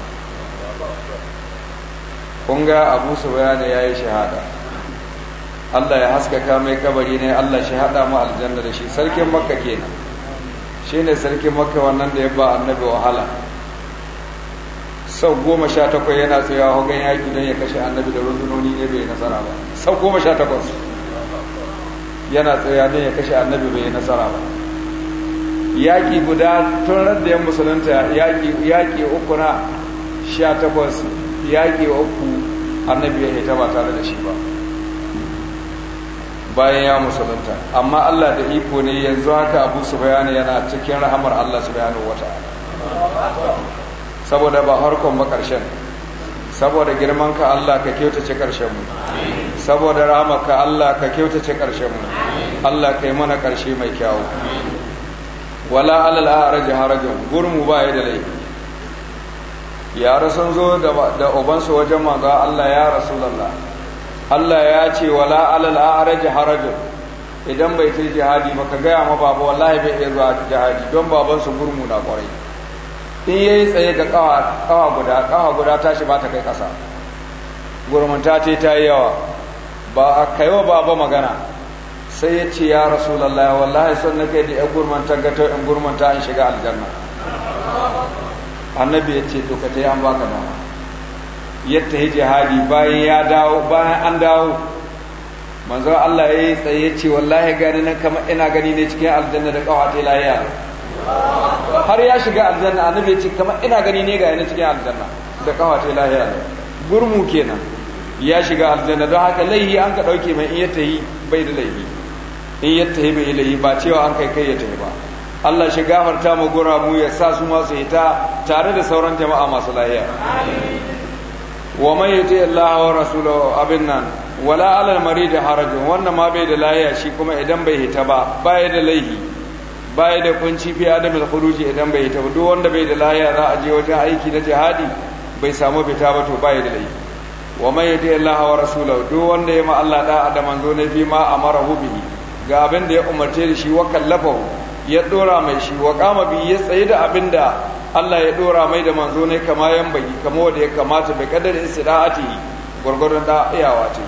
kun ga Abu ya yi shahada Allah ya haskaka mai kabari ne Allah shi hada mu aljanna da shi sarkin Makka kenan shine sarkin Makka wannan da ya ba annabi wahala sau goma sha takwas yana tsayawa hogan yaki don ya kashe annabi da rundunoni ne bai nasara ba sau goma sha takwas yana tsaya don ya kashe annabi bai nasara ba yaƙi guda tun radda yan musulunta yaƙi uku na sha takwas yaƙi uku annabi ya hita ba tare da shi ba bayan ya musulunta amma Allah da iko ne yanzu haka abu su bayani yana cikin rahamar Allah su bayani wata saboda ba harkon ba ƙarshen saboda girman ka Allah ka kyautace ƙarshen mu saboda ka Allah ka kyautace ƙarshen mu Allah kai mana ƙarshe mai kyawu wala alal a'raji harajin gurmu ba ya da laifi yara sun zo da ubansu wajen maga Allah ya lalla. Allah ya ce wala alal a'raji harajin idan bai kai jihadi ba ka gaya ma babu wallahi bai iya zuwa jihadi don babansu gurmu na kwarai in yayi tsaye ga kawa guda kawa guda tashi ba ta kai kasa gurmanta ce ta yi yawa ba a kaiwa ba magana sai ya ce ya rasulallah wallahi son na kai da ya gurmanta gato in gurmanta in shiga aljanna annabi ya ce to ka ta yi an baka dama yadda ya hadi bayan ya dawo bayan an dawo manzo Allah ya yi tsaye ya ce wallahi gani nan kamar ina gani ne cikin aljanna da kawata lahiya har ya shiga aljanna annabi ya ce kamar ina gani ne ga yana cikin aljanna da kawa ta lahiya gurmu kenan ya shiga aljanna don haka laihi an ka dauke mai in ya tahi bai da laihi in ya tahi bai laihi ba cewa an kai kai ya tahi ba Allah shi gafarta mu gura mu ya sa su masu hita tare da sauran jama'a masu lahiya wa man Allah wa rasulahu abin nan wala alal marid harajun wannan ma bai da lahiya shi kuma idan bai hita ba baya da laihi baya da kunci fi al khuruji idan bai ta duk wanda bai da laya za a je wajen aiki na jihadi bai samu fita ba to baya da laifi wa man yati Allah wa rasulahu duk wanda ya ma Allah da adam manzo ne fi ma amarahu bihi ga abin da ya umarce da shi wa kallafahu ya dora mai shi wa kama bi ya tsaye da abin da Allah ya dora mai da manzo ne kama yan bagi kama wanda ya kamata bai kadar istida'ati gurgurun da iyawa ce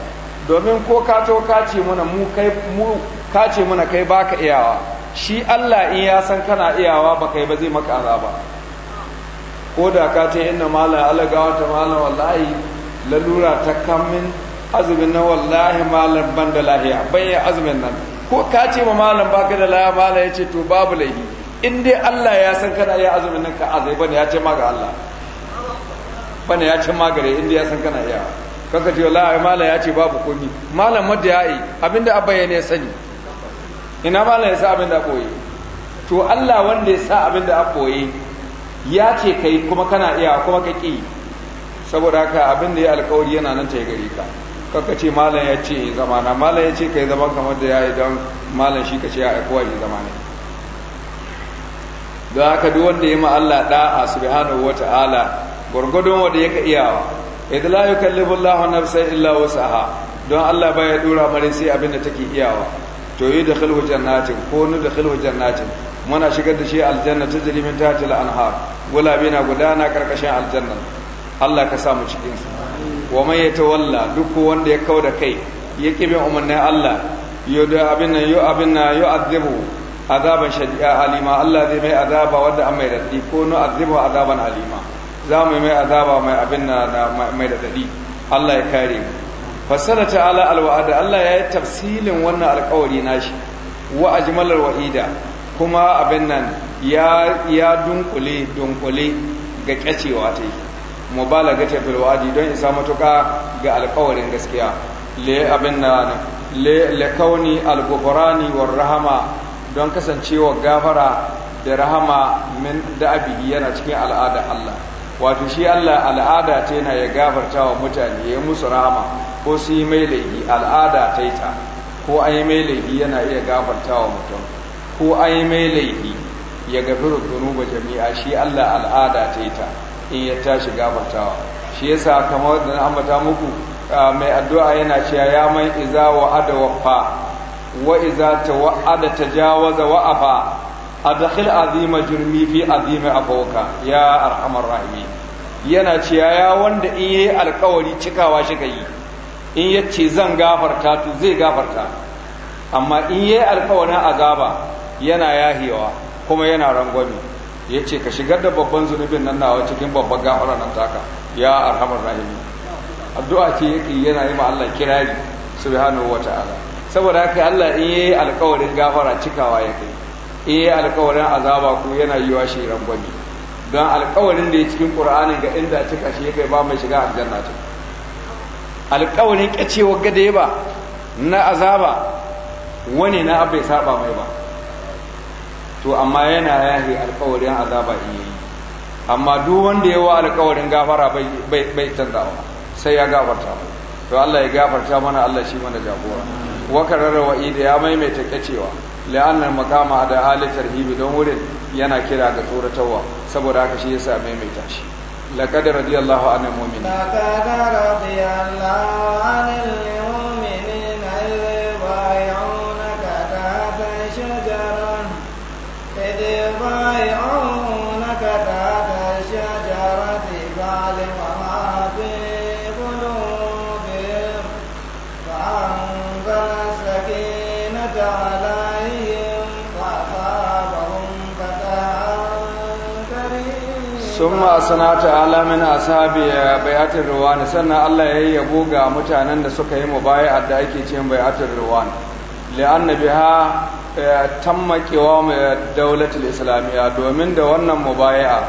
domin ko ka to ka ce mana mu kai mu ka ce mana kai baka iyawa shi Allah in ya san kana iyawa ba kai ba zai maka azaba ko da ka ta inna mala alagawa ta mala wallahi lalura ta kamin azumin na wallahi malam ban da lahiya ban ya azumin nan ko ka ce ma malam ka da lahiya malam ya ce to babu laifi in dai Allah ya san kana iya azumin nan ka azai bane ya ce ma ga Allah bane ya ce ma gare in dai ya san kana iya kanka ce wallahi malam ya ce babu komi malam madda ya yi abinda abayyane sani ina malam ya sa abin da koyi to Allah wanda ya sa abin da koyi ya ce kai kuma kana iya kuma ka ki saboda haka abin da ya alkawari yana nan ta gari ka kaka ce malam ya ce zama na malam ya ce kai zama kamar da ya yi don malam shi ka ce ya aikuwa ya zama ne don haka duk wanda ya ma Allah da'a subhanahu wa ta'ala gwargwadon wanda yaka iyawa idan la yukallifu Allahu nafsan illa wusaha don Allah baya dora mare sai abin da take iyawa to yi da khilhu jannatin ko nu da khilhu jannatin muna shigar da shi aljanna ta jirimin tatil anhar gulabe na gudana karkashin aljanna Allah ka sa mu cikin su wa mai tawalla duk wanda ya kauda kai ya kibe umarnin Allah da abin nan yo abin nan yo azabu azaban shadiya alima Allah zai mai azaba wanda an mai raddi ko nu azabu azaban alima za mu mai azaba mai abin nan mai raddi Allah ya kare mu fassara ala alwa'ada Allah ya yi tafsilin wannan alkawari nashi wa ajmalar wa'ida kuma abin nan ya dunkule dunkule ga kyacewa ta yi mubalaga ga fil wa'adi don isa matuka ga alkawarin gaskiya le abin nan le le kauni al rahama don kasancewa gafara da rahama min da abihi yana cikin al'ada Allah wato shi Allah al'ada ta yana ya gafarta wa mutane ya musu rahama ko su yi mai laifi al'ada ta ta ko an yi mai laifi yana iya gafarta wa mutum ko an yi mai laifi ya rukunu ba jami'a shi Allah al'ada ta ta in ya tashi wa. shi ya sa kamar da na ambata muku mai addu'a yana cewa ya mai iza wa'ada wafa wa iza wa afa a adkhil azima jirmi fi azima afawka ya arhamar rahimi yana cewa ya wanda in yi alkawari cikawa shi ka yi in ya ce zan gafarta to zai gafarta amma in ya yi alkawarin azaba yana yahewa kuma yana rangwami ya ce ka shigar da babban zunubin nan nawa cikin babban gafara nan taka ya arhamar rahimi addu'a ce yake yana yi ma Allah kirari subhanahu wata'ala saboda haka Allah in yayi alkawarin gafara cikawa ya kai in yayi alkawarin azaba ko yana yiwa shi rangwami don alkawarin da ya cikin Qur'ani ga inda cika shi ya kai ba mai shiga aljanna cikin alkawarin kyacewar gada ya ba na azaba wani na abai saba mai ba to amma yana yahi alkawarin azaba iya yi amma duk wanda yawa alkawarin gafara bai canzawa sai ya gafarta mu to Allah ya gafarta mana Allah shi mana jagora wa karara wa ida ya maimaita kyacewa la'annan makama da halittar tarhibi don wurin yana kira ga tsoratawa saboda haka shi yasa maimaita shi لقد رضي الله عن المؤمنين لقد رضي الله عن المؤمنين إذ يبايعونك تحت الشجرة إذ يبايعونك تحت الشجرة فاعلم sun ma'asana ta'ala min ashabi bayatar ruwan sannan Allah ya yabo ga mutanen da suka yi a da ake ce bayatar ruwan li'anna biha eh, tamma mai daulatul islamiyya domin da wannan mubayi'a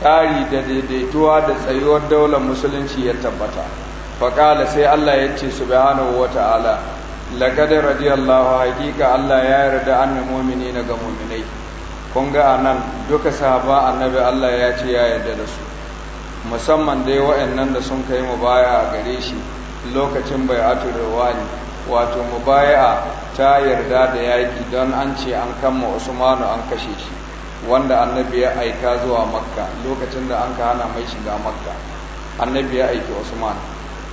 tsari da daidaituwa da tsayuwar daular musulunci ya tabbata faƙala sai Allah ya ce su subhanahu wata'ala lagadar radiyallahu hakika Allah ya yarda annal mu'minina ga mumini kun ga a nan duka sahaba annabi Allah ya ce ya yarda da su musamman dai wa'annan da sun kai mu baya a gare shi lokacin bai rawani wato mu baya ta yarda da yaki don an ce an kama usmanu an kashe shi wanda annabi ya aika zuwa makka lokacin da an ka hana mai shiga makka annabi ya aiki usman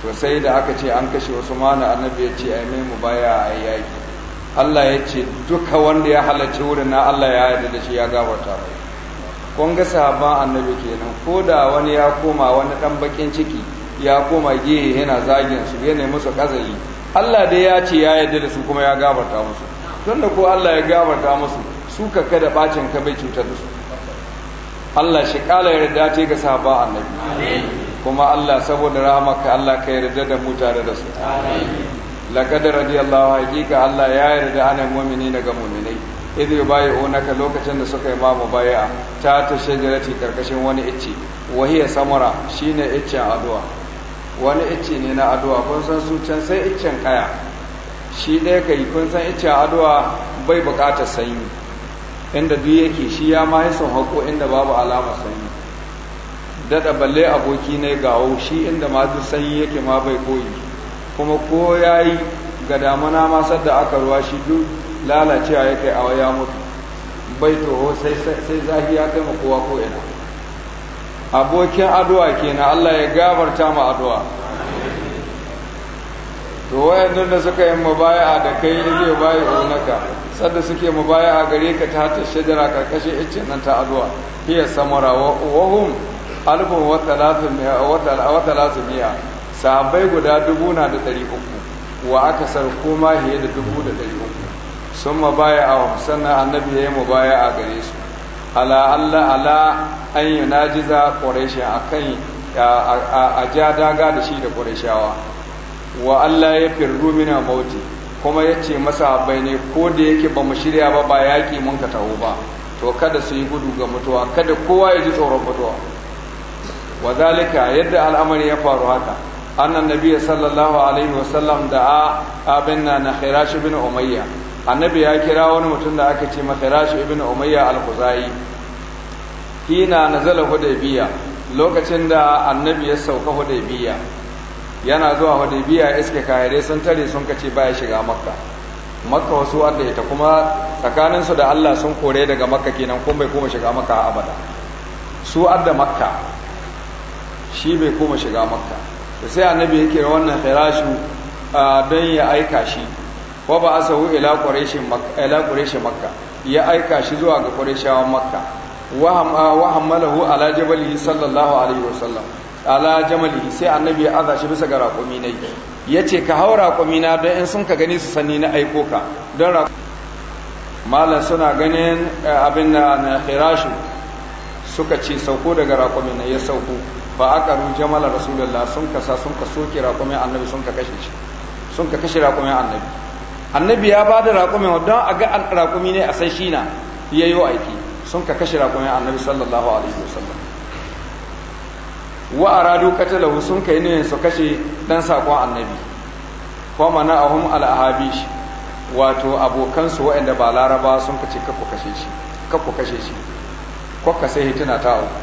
to sai da aka ce an kashe usmanu annabi ya ce ai mai mu baya a yaki Allah ya ce duka wanda ya halarci wurin na Allah ya yarda da shi ya gabata mai kun ga sahabban annabi kenan ko da wani ya koma wani dan bakin ciki ya koma gehe yana zagin su yana musu kazali Allah dai ya ce ya yarda da su kuma ya gabata musu tunda ko Allah ya gabata musu su ka kada bacin ka bai cutar da su Allah shi kala yarda ce ga sahabban annabi kuma Allah saboda ka Allah ka yarda da mu tare da su amin laqad radiyallahu hakika Allah ya yarda ana mummini daga mu'minai idh yubayyi'unaka lokacin da suka yi ma mubaya'a ta ta shajarati ƙarƙashin wani icce wa hiya samara shine iccen addu'a wani icce ne na addu'a kun san su can sai iccen kaya shi ɗaya ka yi kun san iccen addu'a bai buƙatar sanyi inda duk yake shi ya ma yi son hako inda babu alama sanyi dada balle aboki ne gawo shi inda ma duk sanyi yake ma bai koyi kuma ko ya yi ga damana masar da aka ruwa shi duk lalacewa ya kai awa ya mutu bai toho sai zafi ya kai kowa ko ina abokin addu'a kenan Allah ya gabarta ma addu'a to wayannan da suka yi mubaya'a da kai ne bayi onaka sadda suke mubaya'a gare ka ta ta shajara karkashin icin nan ta addu'a hiya samara wa hum alfun wa talatin wa sahabbai guda dubu na da ɗari uku wa aka sar kuma fiye da dubu da ɗari uku sun baya a sannan annabi ya yi baya a gare su ala Allah ala an yi najiza ƙwarai a kan a ja daga da shi da shawa wa Allah ya fi rumina mauti kuma ya ce masa bai ne ko da yake ba mu shirya ba ba yaƙi mun ka taho ba to kada su yi gudu ga mutuwa kada kowa ya ji tsoron mutuwa wa zalika yadda al'amari ya faru haka أن النبي صلى الله عليه da abin na na بن bin umayya annabi ya kira wani mutum da aka ce makhirashi ibn umayya al-khuzai hina nazala hudaybiya lokacin da annabi ya sauka hudaybiya yana zuwa hudaybiya iske kayare sun tare sun kace baya shiga makka makka wasu wanda ita kuma tsakanin su da Allah sun kore daga makka kenan kuma bai koma shiga makka abada su adda makka shi bai koma shiga makka to sai annabi ya kira wannan firashu don ya aika shi wa ba asahu ila quraishi makka ila quraishi makka ya aika shi zuwa ga qurayshawan makka wa hammalahu ala jabalihi sallallahu alaihi wasallam ala jamalihi sai annabi ya aza shi bisa ga raƙumi nai yace ka haura raƙumi na don in sun ka gani su sani na aiko ka don raƙumi malam suna ganin abin na khirashu suka ce sauko daga raƙumin na ya sauko ba a ru jamala rasulullah sun kasa sun ka soke raƙumin annabi sun ka kashe shi sun ka kashe raƙumin annabi annabi ya ba da raƙumin don a ga an raƙumi ne a sai shi na ya yi aiki sun ka kashe raƙumin annabi sallallahu alaihi wasallam wa aradu katalahu sun kai ne su kashe dan sakon annabi wa mana'ahum al-ahabish wato abokansu waɗanda ba laraba sun kace kaku kashe shi kashe shi kwakka sai hituna ta uku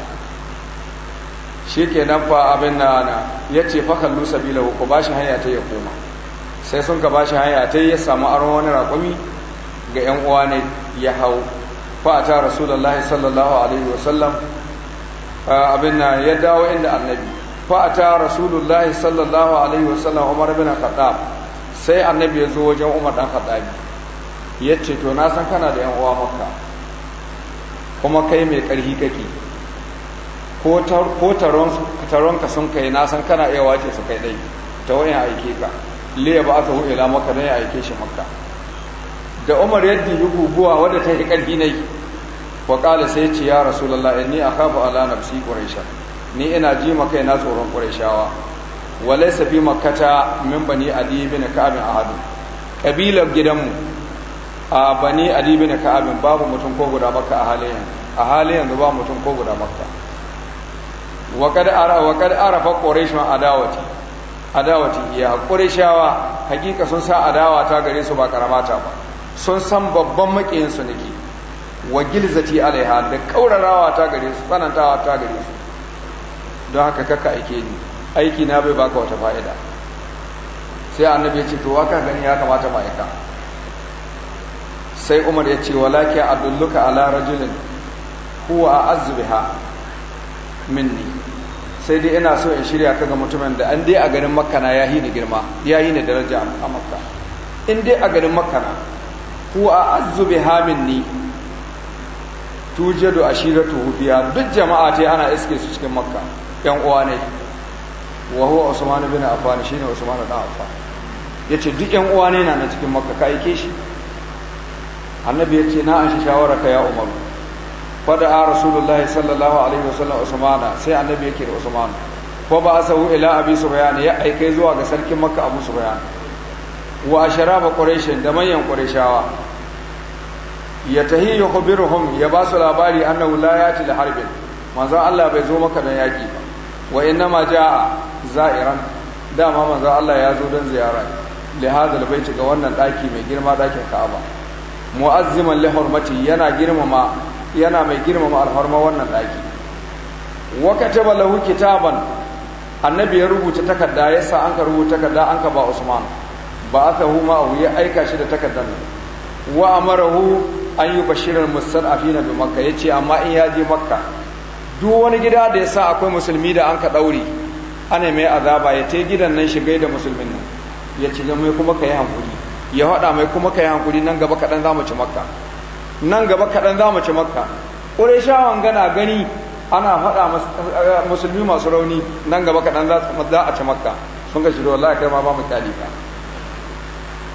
shi ke nan fa abin na na ya ce fakan lusa bila ku ba shi hanya ta ya koma sai sun ka ba shi hanya ta ya samu aron wani raƙumi ga yan uwa ne ya hau fa ta Rasulallah sallallahu alaihi wasallam abin na ya dawo inda annabi fa ta Rasulallah sallallahu alaihi wasallam umar bin khattab sai annabi ya zo wajen umar dan khattabi ya ce to na san kana da yan uwa makka kuma kai mai ƙarfi kake ko taron ka sun kai na san kana iya wace su kai ɗai ta wani aike ka liya ba aka ila maka don ya aike shi maka da umar yadda yi guguwa wadda ta yi ƙarfi na yi wa sai ce ya rasulallah in ni a kafa ala fi ƙuraisha ni ina ji maka kai na tsoron ƙuraishawa walai safi makata min bani adi bin ka'abin ahadu ƙabilar gidanmu a bani ali bin ka'ab babu mutum ko guda makka a halin a halin yanzu ba mutum ko guda makka wa kad arafa quraish ma adawati adawati ya qurayshawa hakika sun sa adawa ta gare su ba karamata ba sun san babban makiyin su nake wa gilzati alaiha da kaurarawa ta gare su tsanantawa ta gare su don haka kaka aike ni aiki na bai baka wata fa'ida sai annabi ya ce to waka gani ya kamata ma'aika sai umar ya ce walaki dulluka ala rajulin huwa a azbiha minni sai dai ina so in shirya kaga mutumin da an dai a garin makana ya yi ni girma ya yi ni daraja a makka in dai a garin makana huwa a azbiha minni tujadu ashiratu biya duk jama'a ta ana iske su cikin makka yan uwa ne wa huwa usman bin affan shine usman dan affan yace duk yan uwa ne na cikin makka ka aike shi annabi ya ce na an shi shawararka ya umaru fada a rasulullahi sallallahu alaihi wasallam usmana sai annabi yake da usmanu ko ba a sahu ila abi ya aika zuwa ga sarkin makka abu sufyan wa asharaba quraish da manyan qurayshawa ya tahi yukhbiruhum ya ba su labari annahu la yati da harbin manzon Allah bai zo maka dan yaki ba wa innama jaa za'iran dama manzon Allah ya zo dan ziyara li hadha albayt ga wannan daki mai girma dakin Ka'aba mu'azziman li hurmati yana girmama yana mai girmama alharma wannan daki wa kataba lahu kitaban annabi ya rubuta takarda yasa an ka rubuta takarda an ka ba Usman ba aka huma a ya aika shi da takardar wa amarahu an yi bashirar fina bi makka ya ce amma in ya je makka duk wani gida da ya sa akwai musulmi da an ka daure ana mai azaba ya te gidan nan shiga da musulmin nan ya ci ya kuma ka yi hankuri ya haɗa mai kuma ka yi hankuri nan gaba kaɗan za mu ci makka nan gaba kaɗan za mu ci makka ƙureshawan gana gani ana haɗa eh, musulmi masu rauni nan gaba kaɗan za a ci makka sun ga shiro wallahi kai ma ba mu kyali ka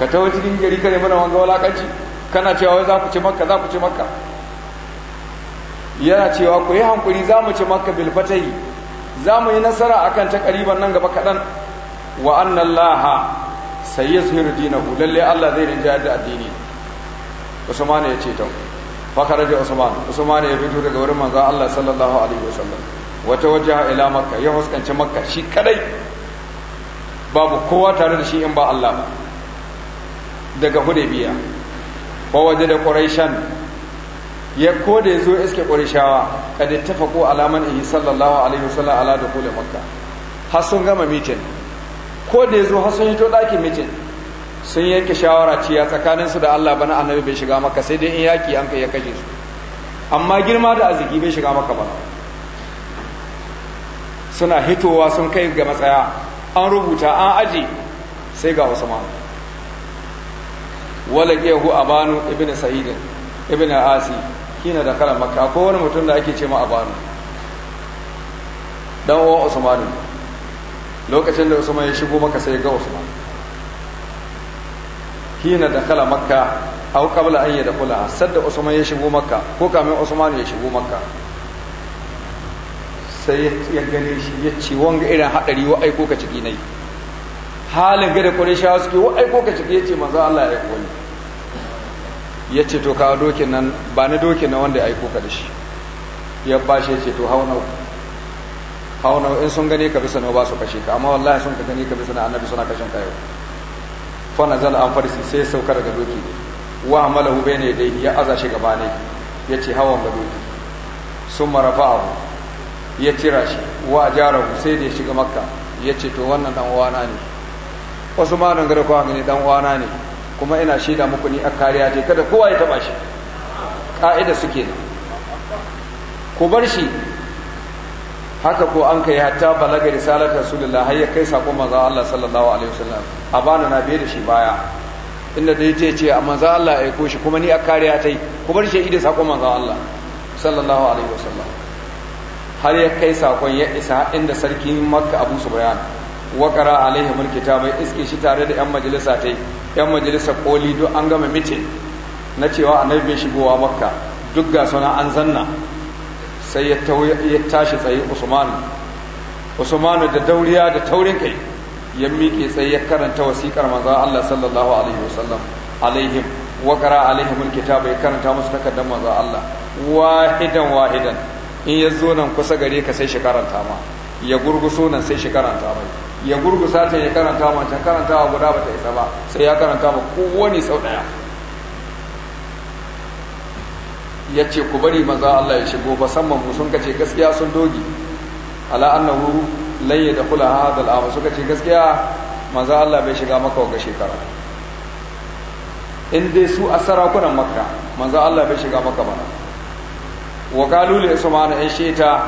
ka tawo cikin gari kare mana wanga walakanci kana cewa wai za ku ci makka za ku ci makka yana cewa ku yi hankuri za mu ci makka bil fatahi za mu yi nasara akan ta ƙariban nan gaba kaɗan wa annallaha sai ya zuhiru dinahu lalle Allah zai rinja da addini Usman ya ce ta fakara da Usman Usman ya fito daga wurin manzo Allah sallallahu alaihi wasallam wata wajaha ila makka ya huskanci makka shi kadai babu kowa tare da shi in ba Allah daga hudaybiya wa waje da quraishan ya ko da yazo iske qurayshawa kada tafaqu alaman ihi sallallahu alaihi wasallam ala dukhul makka har sun gama mitin ko da ya zo har sun hito ɗakin mijin sun yanke shawara ciya su da Allah bana annabi bai shiga maka sai dai in yaki an kai ya kashe su amma girma da arziki bai shiga maka ba suna hitowa sun kai ga matsaya an rubuta an aji sai ga usman wala yahu abanu ibn sa'id ibn asi kina da kala maka ko wani mutum da ake ce ma abanu dan uwan usman lokacin da usman ya shigo maka sai ga usman hina da kala makka au qabla an kula sadda usman ya shigo makka ko kamin usman ya shigo makka sai ya gane shi ya ce wanga irin hadari wa aiko ka ciki nai halin gada qurayshawa suke wa aiko ka ciki yace manzo Allah ya aiko ni yace to ka dokin nan ba ni dokin nan wanda ya aiko ka da shi ya bashi ce to hauna hauna in sun gane ka bisa nawa ba su kashe ka amma wallahi sun ka gane ka bisa na annabi suna kashin ka yau fa nazal an farisi sai sauka daga doki wa amalahu bayna yadayhi ya aza shi gaba ne yace hawan ga doki sun abu ya cira shi wa jarahu sai da ya shiga makka ya ce to wannan dan uwana ne wasu ma nan gare kwa ne dan uwana ne kuma ina shaida muku ni a kariya ce kada kowa ya taba shi ka'ida suke ku bar shi haka ko an kai hatta balaga risalar rasulullah har ya kai sako manzo Allah sallallahu alaihi wasallam a bana na biye da shi baya inda dai yace ce manzo Allah ya aiko shi kuma ni a kariya tai ku bar shi da sako manzo Allah sallallahu alaihi wasallam har ya kai sakon ya isa inda sarkin Makka Abu Sufyan wakara alaihi mulki ta bai iske shi tare da yan majalisa tai yan majalisa koli duk an gama mitin na cewa annabi bai shigowa Makka duk ga suna an zanna sai ya tashi tsaye Usmanu usmanu da dauriya da taurin kai ya miƙe tsaye ya karanta wasiƙar manzon Allah sallallahu alaihi wasallam alaihim wa qara alaihim alkitaba ya karanta musu takardar manzon Allah wahidan wahidan in ya zo nan kusa gare ka sai shi karanta ma ya gurguso nan sai shi karanta mai ya gurgusa ta ya karanta ma ta karanta guda bata isa ba sai ya karanta ma kowani sau daya ya ce ku bari maza Allah ya shigo ba san mu sun kace gaskiya sun dogi ala annahu da kula hadha da al'amu suka ce gaskiya maza Allah bai shiga maka wa shekara in dai su a sarakunan makka maza Allah bai shiga maka ba wa qalu li usman ay shita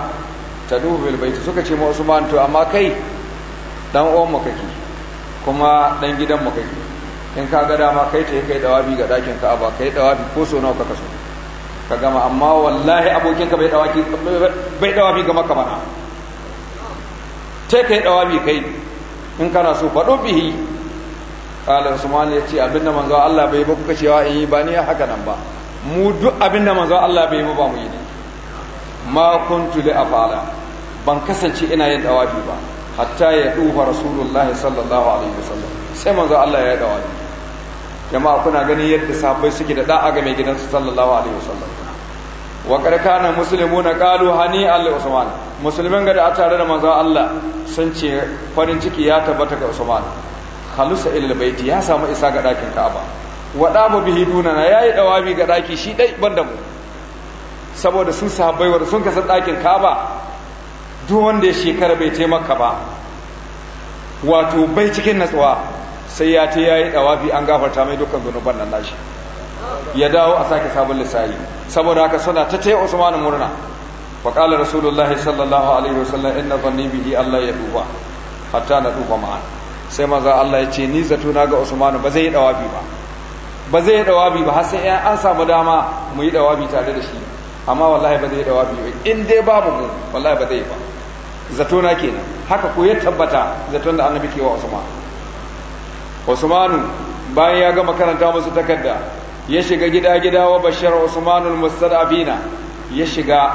ta bil bilbaitu suka ce ma usman to amma kai dan uwan mu kake kuma dan gidan mu kake in ka ga dama kai ta kai dawabi ga dakin ba, kai dawabi ko so nawa ka kasu. ka gama amma wallahi abokinka bai bai dawafi ga maka bana sai kai dawafi kai in kana so faɗo bihi qala usman ya ce abinda manzo Allah bai ba kuka cewa in eh, yi ba ni haka nan ba mu duk abinda manzo Allah bai yi ba mu yi ne ma kuntu li afala ban kasance ina yin dawafi ba hatta ya dufa rasulullahi sallallahu alaihi wasallam sai manzo Allah ya yi dawafi jama'a kuna ganin yadda sahabbai suke da da'a ga mai gidansu sallallahu alaihi wasallam wa karkana muslimuna qalu hani al usman musulmin ga da tare da manzo Allah sun ce farin ciki ya tabbata ga usman khalusa ilal bait ya samu isa ga dakin ka'aba wa damu bihi dunana yayi dawami ga daki shi dai banda mu saboda sun sahabbai wa sun kasa dakin ka'aba duk wanda ya shekara bai taimaka ba wato bai cikin natsuwa sai ya ta yayi dawafi an gafarta mai dukkan zunuban nan nashi ya dawo a sake sabon lissayi saboda haka suna ta taya usmanu murna wa qala rasulullah sallallahu alaihi wasallam inna dhanni bihi allah ya duba hatta na duba ma'an sai maza allah ya ce ni zato na ga usmanu ba zai yi dawafi ba ba zai yi dawafi ba har sai an samu dama mu yi dawafi tare da shi amma wallahi ba zai yi dawafi ba in dai babu mu wallahi ba zai yi ba zato na kenan haka ko ya tabbata zaton da annabi ke wa usman usmanu bayan ya gama karanta musu takarda ya shiga gida gida wa bashar usmanul mustadabina ya shiga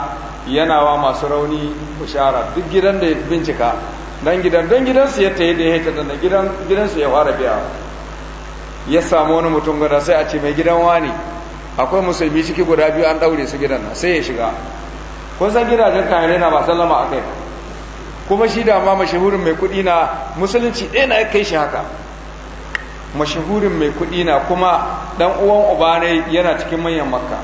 yana wa masu rauni bishara duk gidan da ya bincika dan gidan dan su ya tayi da ya hita dan gidan su ya fara biya ya samu wani mutum guda sai a ce mai gidan wani akwai musulmi ciki guda biyu an daure su gidan nan sai ya shiga kun san gidajen kayan na ba sallama akai kuma shi da ma mashahurin mai kuɗi na musulunci ɗaya na kai shi haka mashahurin mai kuɗi na kuma ɗan uwan uba yana cikin manyan makka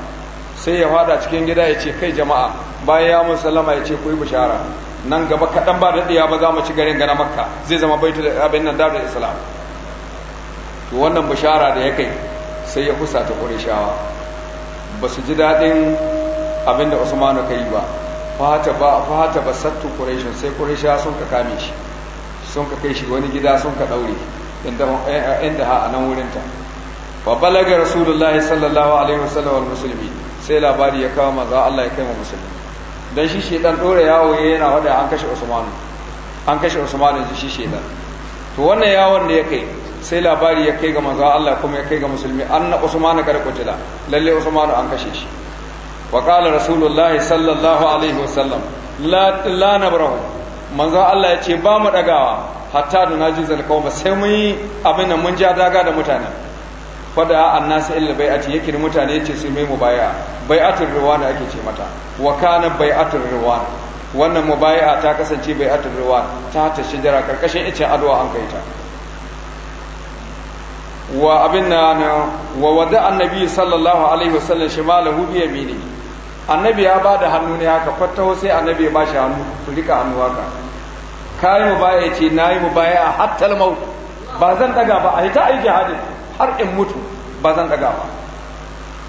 sai ya fada cikin gida ya ce kai jama'a bayan ya musallama ya ce ku yi bishara nan gaba kaɗan ba daɗiya ba za mu ci garin gana makka zai zama baitu da abin nan da islam to wannan bishara da ya kai sai ya kusa ta ƙurishawa ba su ji daɗin abin da usmanu ka ba fata ba fata ba sattu ƙurishin sai ƙurishawa sun ka kame shi sun ka kai shi wani gida sun ka ɗaure inda ha a nan wurinta fa balaga rasulullahi sallallahu alaihi wasallam wal musulmi sai labari ya kawo manzo Allah ya kai wa musulmi dan shi shedan dore yawo yana wada an kashe Usmanu an kashe Usmanu shi shedan to wannan yawon da ya kai sai labari ya kai ga manzo Allah kuma ya kai ga musulmi anna Usmanu kar kujila lalle Usmanu an kashe shi wa qala rasulullahi sallallahu alaihi wasallam la la nabrahu manzo Allah ya ce ba mu dagawa hatta da naji ba sai mun yi abin nan mun ja daga da mutane fada annasa illa bai'ati yake da mutane yace su mai mubaya bai'atul riwan ake ce mata wa kana bai'atul riwan wannan mubaya ta kasance bai'atul riwan ta ta shijara karkashin ice adwa an kai ta wa abin na wa wada annabi sallallahu alaihi wasallam shimalahu bi yamini annabi ya bada hannu ne haka fattaho sai annabi ya bashi hannu to rika hannu haka kayi mu baya ce na yi mu baya a hattal mau ba zan daga ba a hita a yi jihadin har in mutu ba zan daga ba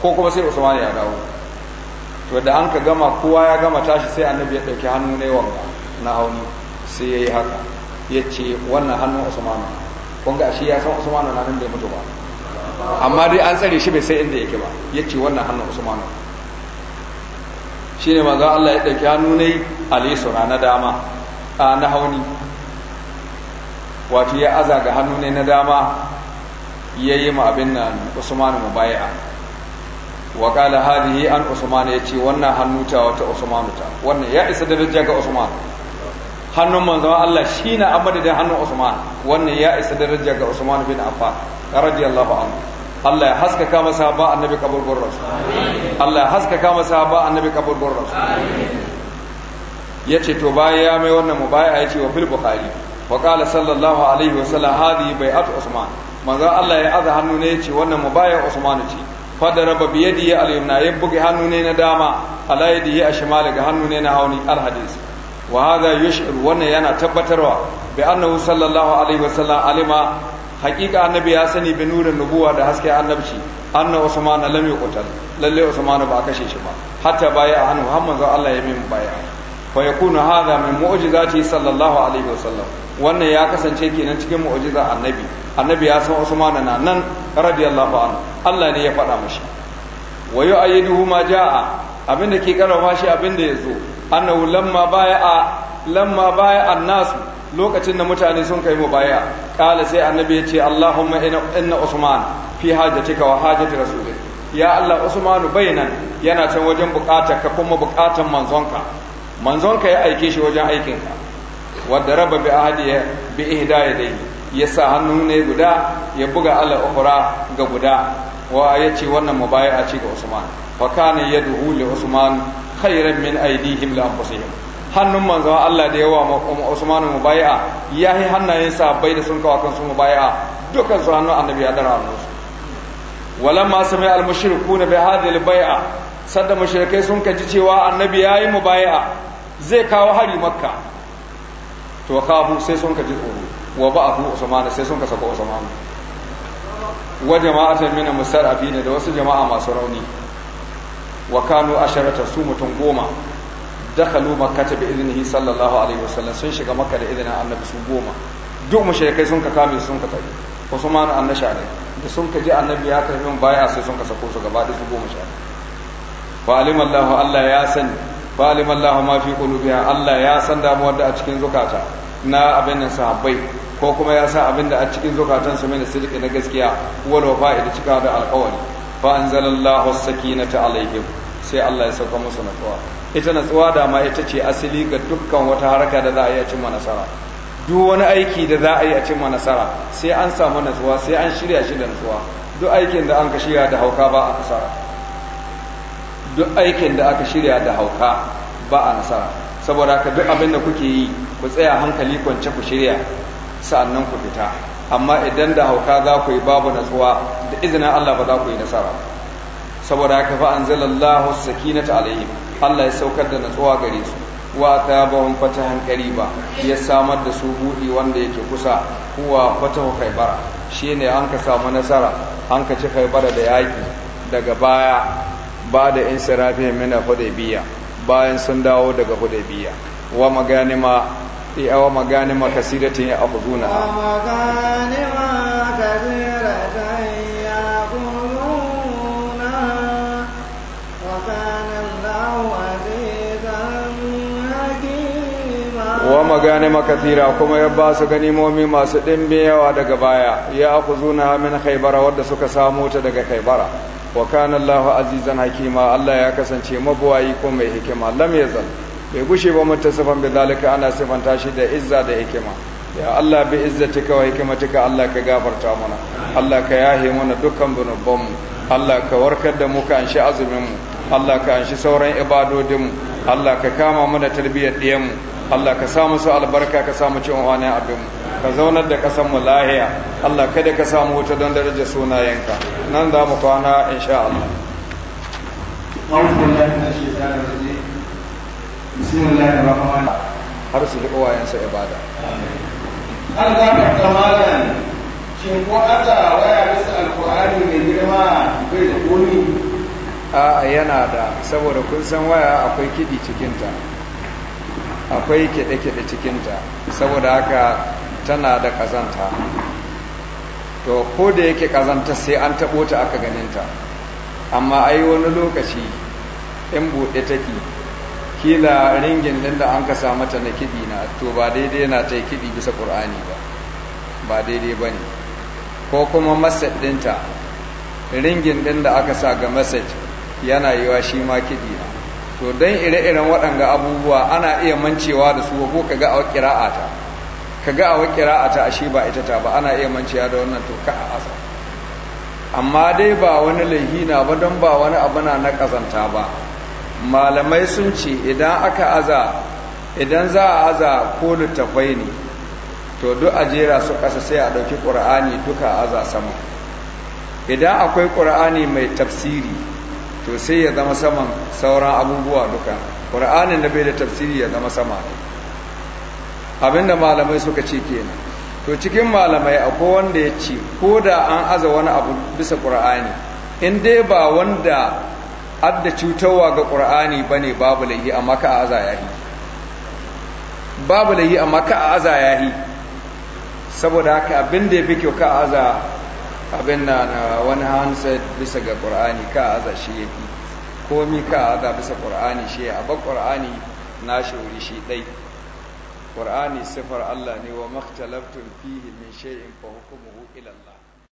ko kuma sai usman ya dawo to da an ka gama kowa ya gama tashi sai annabi ya ɗauki hannu ne wanga na hauni sai ya yi haka ya ce wannan hannun usman kun ga shi ya san usman na nan bai mutu ba amma dai an tsare shi bai sai inda yake ba ya ce wannan hannun usman shi ne maza Allah ya ɗauki hannu ne a na dama na hauni wato ya aza ga hannu ne na dama ya yi ma abin nan usman mubaya wa qala hadhihi an usman ya ce wannan hannu ta wata usman ta wannan ya isa daraja ga usman hannun manzon Allah shine amada da hannun usman wannan ya isa daraja ga usman bin affan radiyallahu anhu Allah ya haskaka masa ba annabi kaburburransu Allah ya haskaka masa ba annabi kaburburransu amin yace to bayan ya mai wannan mubaya yace wa fil bukhari wa qala sallallahu alaihi wa sallam hadi bai'atu usman manzo Allah ya aza hannu ne ce wannan mubaya usman ce fadaraba bi yadihi al-yumna ya buge hannu ne na dama ala yadihi ashmal ga hannu ne na hauni al-hadis wa hadha yushir wannan yana tabbatarwa bi annahu sallallahu alaihi wa sallam alima haƙiƙa annabi ya sani bi nurin nubuwa da haske annabci anna usman lam yuqtal lalle usman ba kashe shi ba hatta baya hannu har manzo Allah ya min baya fa yakunu hadha min mu'jizati sallallahu alaihi wasallam wannan ya kasance kenan cikin mu'jiza annabi annabi ya san Usman na nan radiyallahu anhu Allah ne ya faɗa mashi wa yu'ayyiduhu ma jaa abinda ke karama shi abinda ya zo annahu lamma baya lamma nasu. lokacin da mutane sun kai mubaya kala sai annabi ya ce Allahumma inna Usman fi hajatika wa hajati rasulik ya Allah Usman nan? yana can wajen bukatar ka kuma bukatan manzonka manzon ka ya aike shi wajen aikin ka wadda raba bi ahadiya bi ihdaya dai ya sa hannu ne guda ya buga ala ukhra ga guda wa ya ce wannan mubaya ce ga usman fa kana yaduhu li usman khairan min aidihim la anfusihim hannun manzo Allah da yawa um, Usman mubai'a ya yi hannayen bai da sun kawo kansu mubai'a dukkan su hannun annabi ya dara hannun su walamma sami al-mushrikuna bi hadhihi al-bai'a sadda mushrikai sun kaji cewa annabi yayi mubai'a zai kawo hari makka to kafu sai sun ka ji tsoro wa ba abu usman sai sun ka saka usman wa jama'atan min musarrafin da wasu jama'a masu rauni wa kanu asharata su mutum goma dakhalu makkata bi idnihi sallallahu alaihi wasallam sun shiga makka da idnin annabi su goma duk mushrikai sun ka kame sun ka tafi usman annasha ne da sun ka ji annabi ya karbi baya sai sun ka sako su gaba da su goma sha fa alimallahu Allah ya sani fa alim Allah ma fi qulubiha Allah ya san damuwar da a cikin zukata na abin nan sahabbai ko kuma ya sa abin da a cikin zukatan su mai sidiki na gaskiya wal wafa'i da cika da alƙawari fa anzalallahu as-sakinata alaihim sai Allah ya sauka musu natsuwa ita natsuwa da ma ita ce asali ga dukkan wata haraka da za a yi a cimma nasara duk wani aiki da za a yi a cimma nasara sai an samu natsuwa sai an shirya shi da natsuwa duk aikin da an ka shirya da hauka ba a kasara duk aikin da aka shirya da hauka ba a nasara saboda ka duk abin da kuke yi ku tsaya hankali kwance ku shirya sa'annan ku fita amma idan da hauka za ku yi babu natsuwa da izinin Allah ba za ku yi nasara saboda haka fa anzalallahu sakinata alaihim Allah ya saukar da natsuwa gare su wa tabahum fatahan qariba ya samar da su budi wanda yake kusa huwa fatahu khaybara shine an ka samu nasara an ka ci khaybara da yaki daga baya ba da insirafin mina hudaybiya bayan sun dawo daga hudaybiya wa maganima wa maganima kasiratin ya akhuduna wa maganima kasidatin ya akhuduna wa kana Allahu azizan hakima wa maganima kasira kuma ya ba su ganimomi masu dimbe yawa daga baya ya akhuduna min khaybara wanda suka samu ta daga khaybara wa kana Allah azizan hakima Allah ya kasance mabuwayi ko mai hikima lam yazal bai gushe ba muttasifan bi zalika ana sifanta shi da izza da hikima ya Allah bi izzatika wa hikmatika Allah ka gafarta mana Allah ka yahe mana dukkan zunuban mu Allah ka warkar da mu ka anshi azumin mu Allah ka anshi sauran ibadodin mu Allah ka kama mana tarbiyyar diyan mu Allah ka sa musu albarka ka sa mu cin wani abin ka zaunar da kasan mu lahiya Allah kada ka samu wuta don daraja sunayenka nan za mu kwana insha Allah har su ji uwayensa ibada an za ka kamalan shin ko an za waya bisa alkur'ani mai girma bai da koni a yana da saboda kun san waya akwai kiɗi cikinta akwai kiɗe-kiɗe cikinta saboda haka tana da ƙazanta to ko da yake ƙazanta sai an taɓo ta aka ganinta amma ai wani lokaci in buɗe take kila ringin ɗin da an ka sa mata na kiɗi na to ba daidai na ta kiɗi bisa ƙur'ani ba ba daidai ba ne ko kuma masaj ɗinta ringin ɗin da aka sa ga masaj yana yiwa shi ma kiɗi na to don ire-iren waɗanga abubuwa ana iya mancewa da su ko ka ga a ta. ka ga a ta ashe ba ita ta ba ana iya mancewa da wannan to ka a asa amma dai ba wani lahina ba don ba wani abu na na kazanta ba malamai sun ce idan aka aza idan za a aza ko littafai ne to duk a jera su ƙasa sai a ɗauki ƙur'ani duka aza sama idan akwai ƙur'ani mai tafsiri to sai ya zama saman sauran abubuwa duka ƙur'anin da bai da tafsiri ya zama sama abinda malamai suka ce kenan to cikin malamai akwai wanda ya ce ko da an aza wani abu bisa ƙur'ani in dai ba wanda adda cutarwa ga ƙur'ani ba ne babu layi amma ka aza yahi babu layi amma ka a aza yahi saboda haka abinda ya fi kyau ka aza abin na wani handset bisa ga ƙur'ani ka aza shi ya fi komi ka aza bisa ƙur'ani shi ya abin ƙur'ani na shauri shi ɗai ƙur'ani siffar Allah ne wa maktalabtun fihimin min shay'in ko hukumuhu ila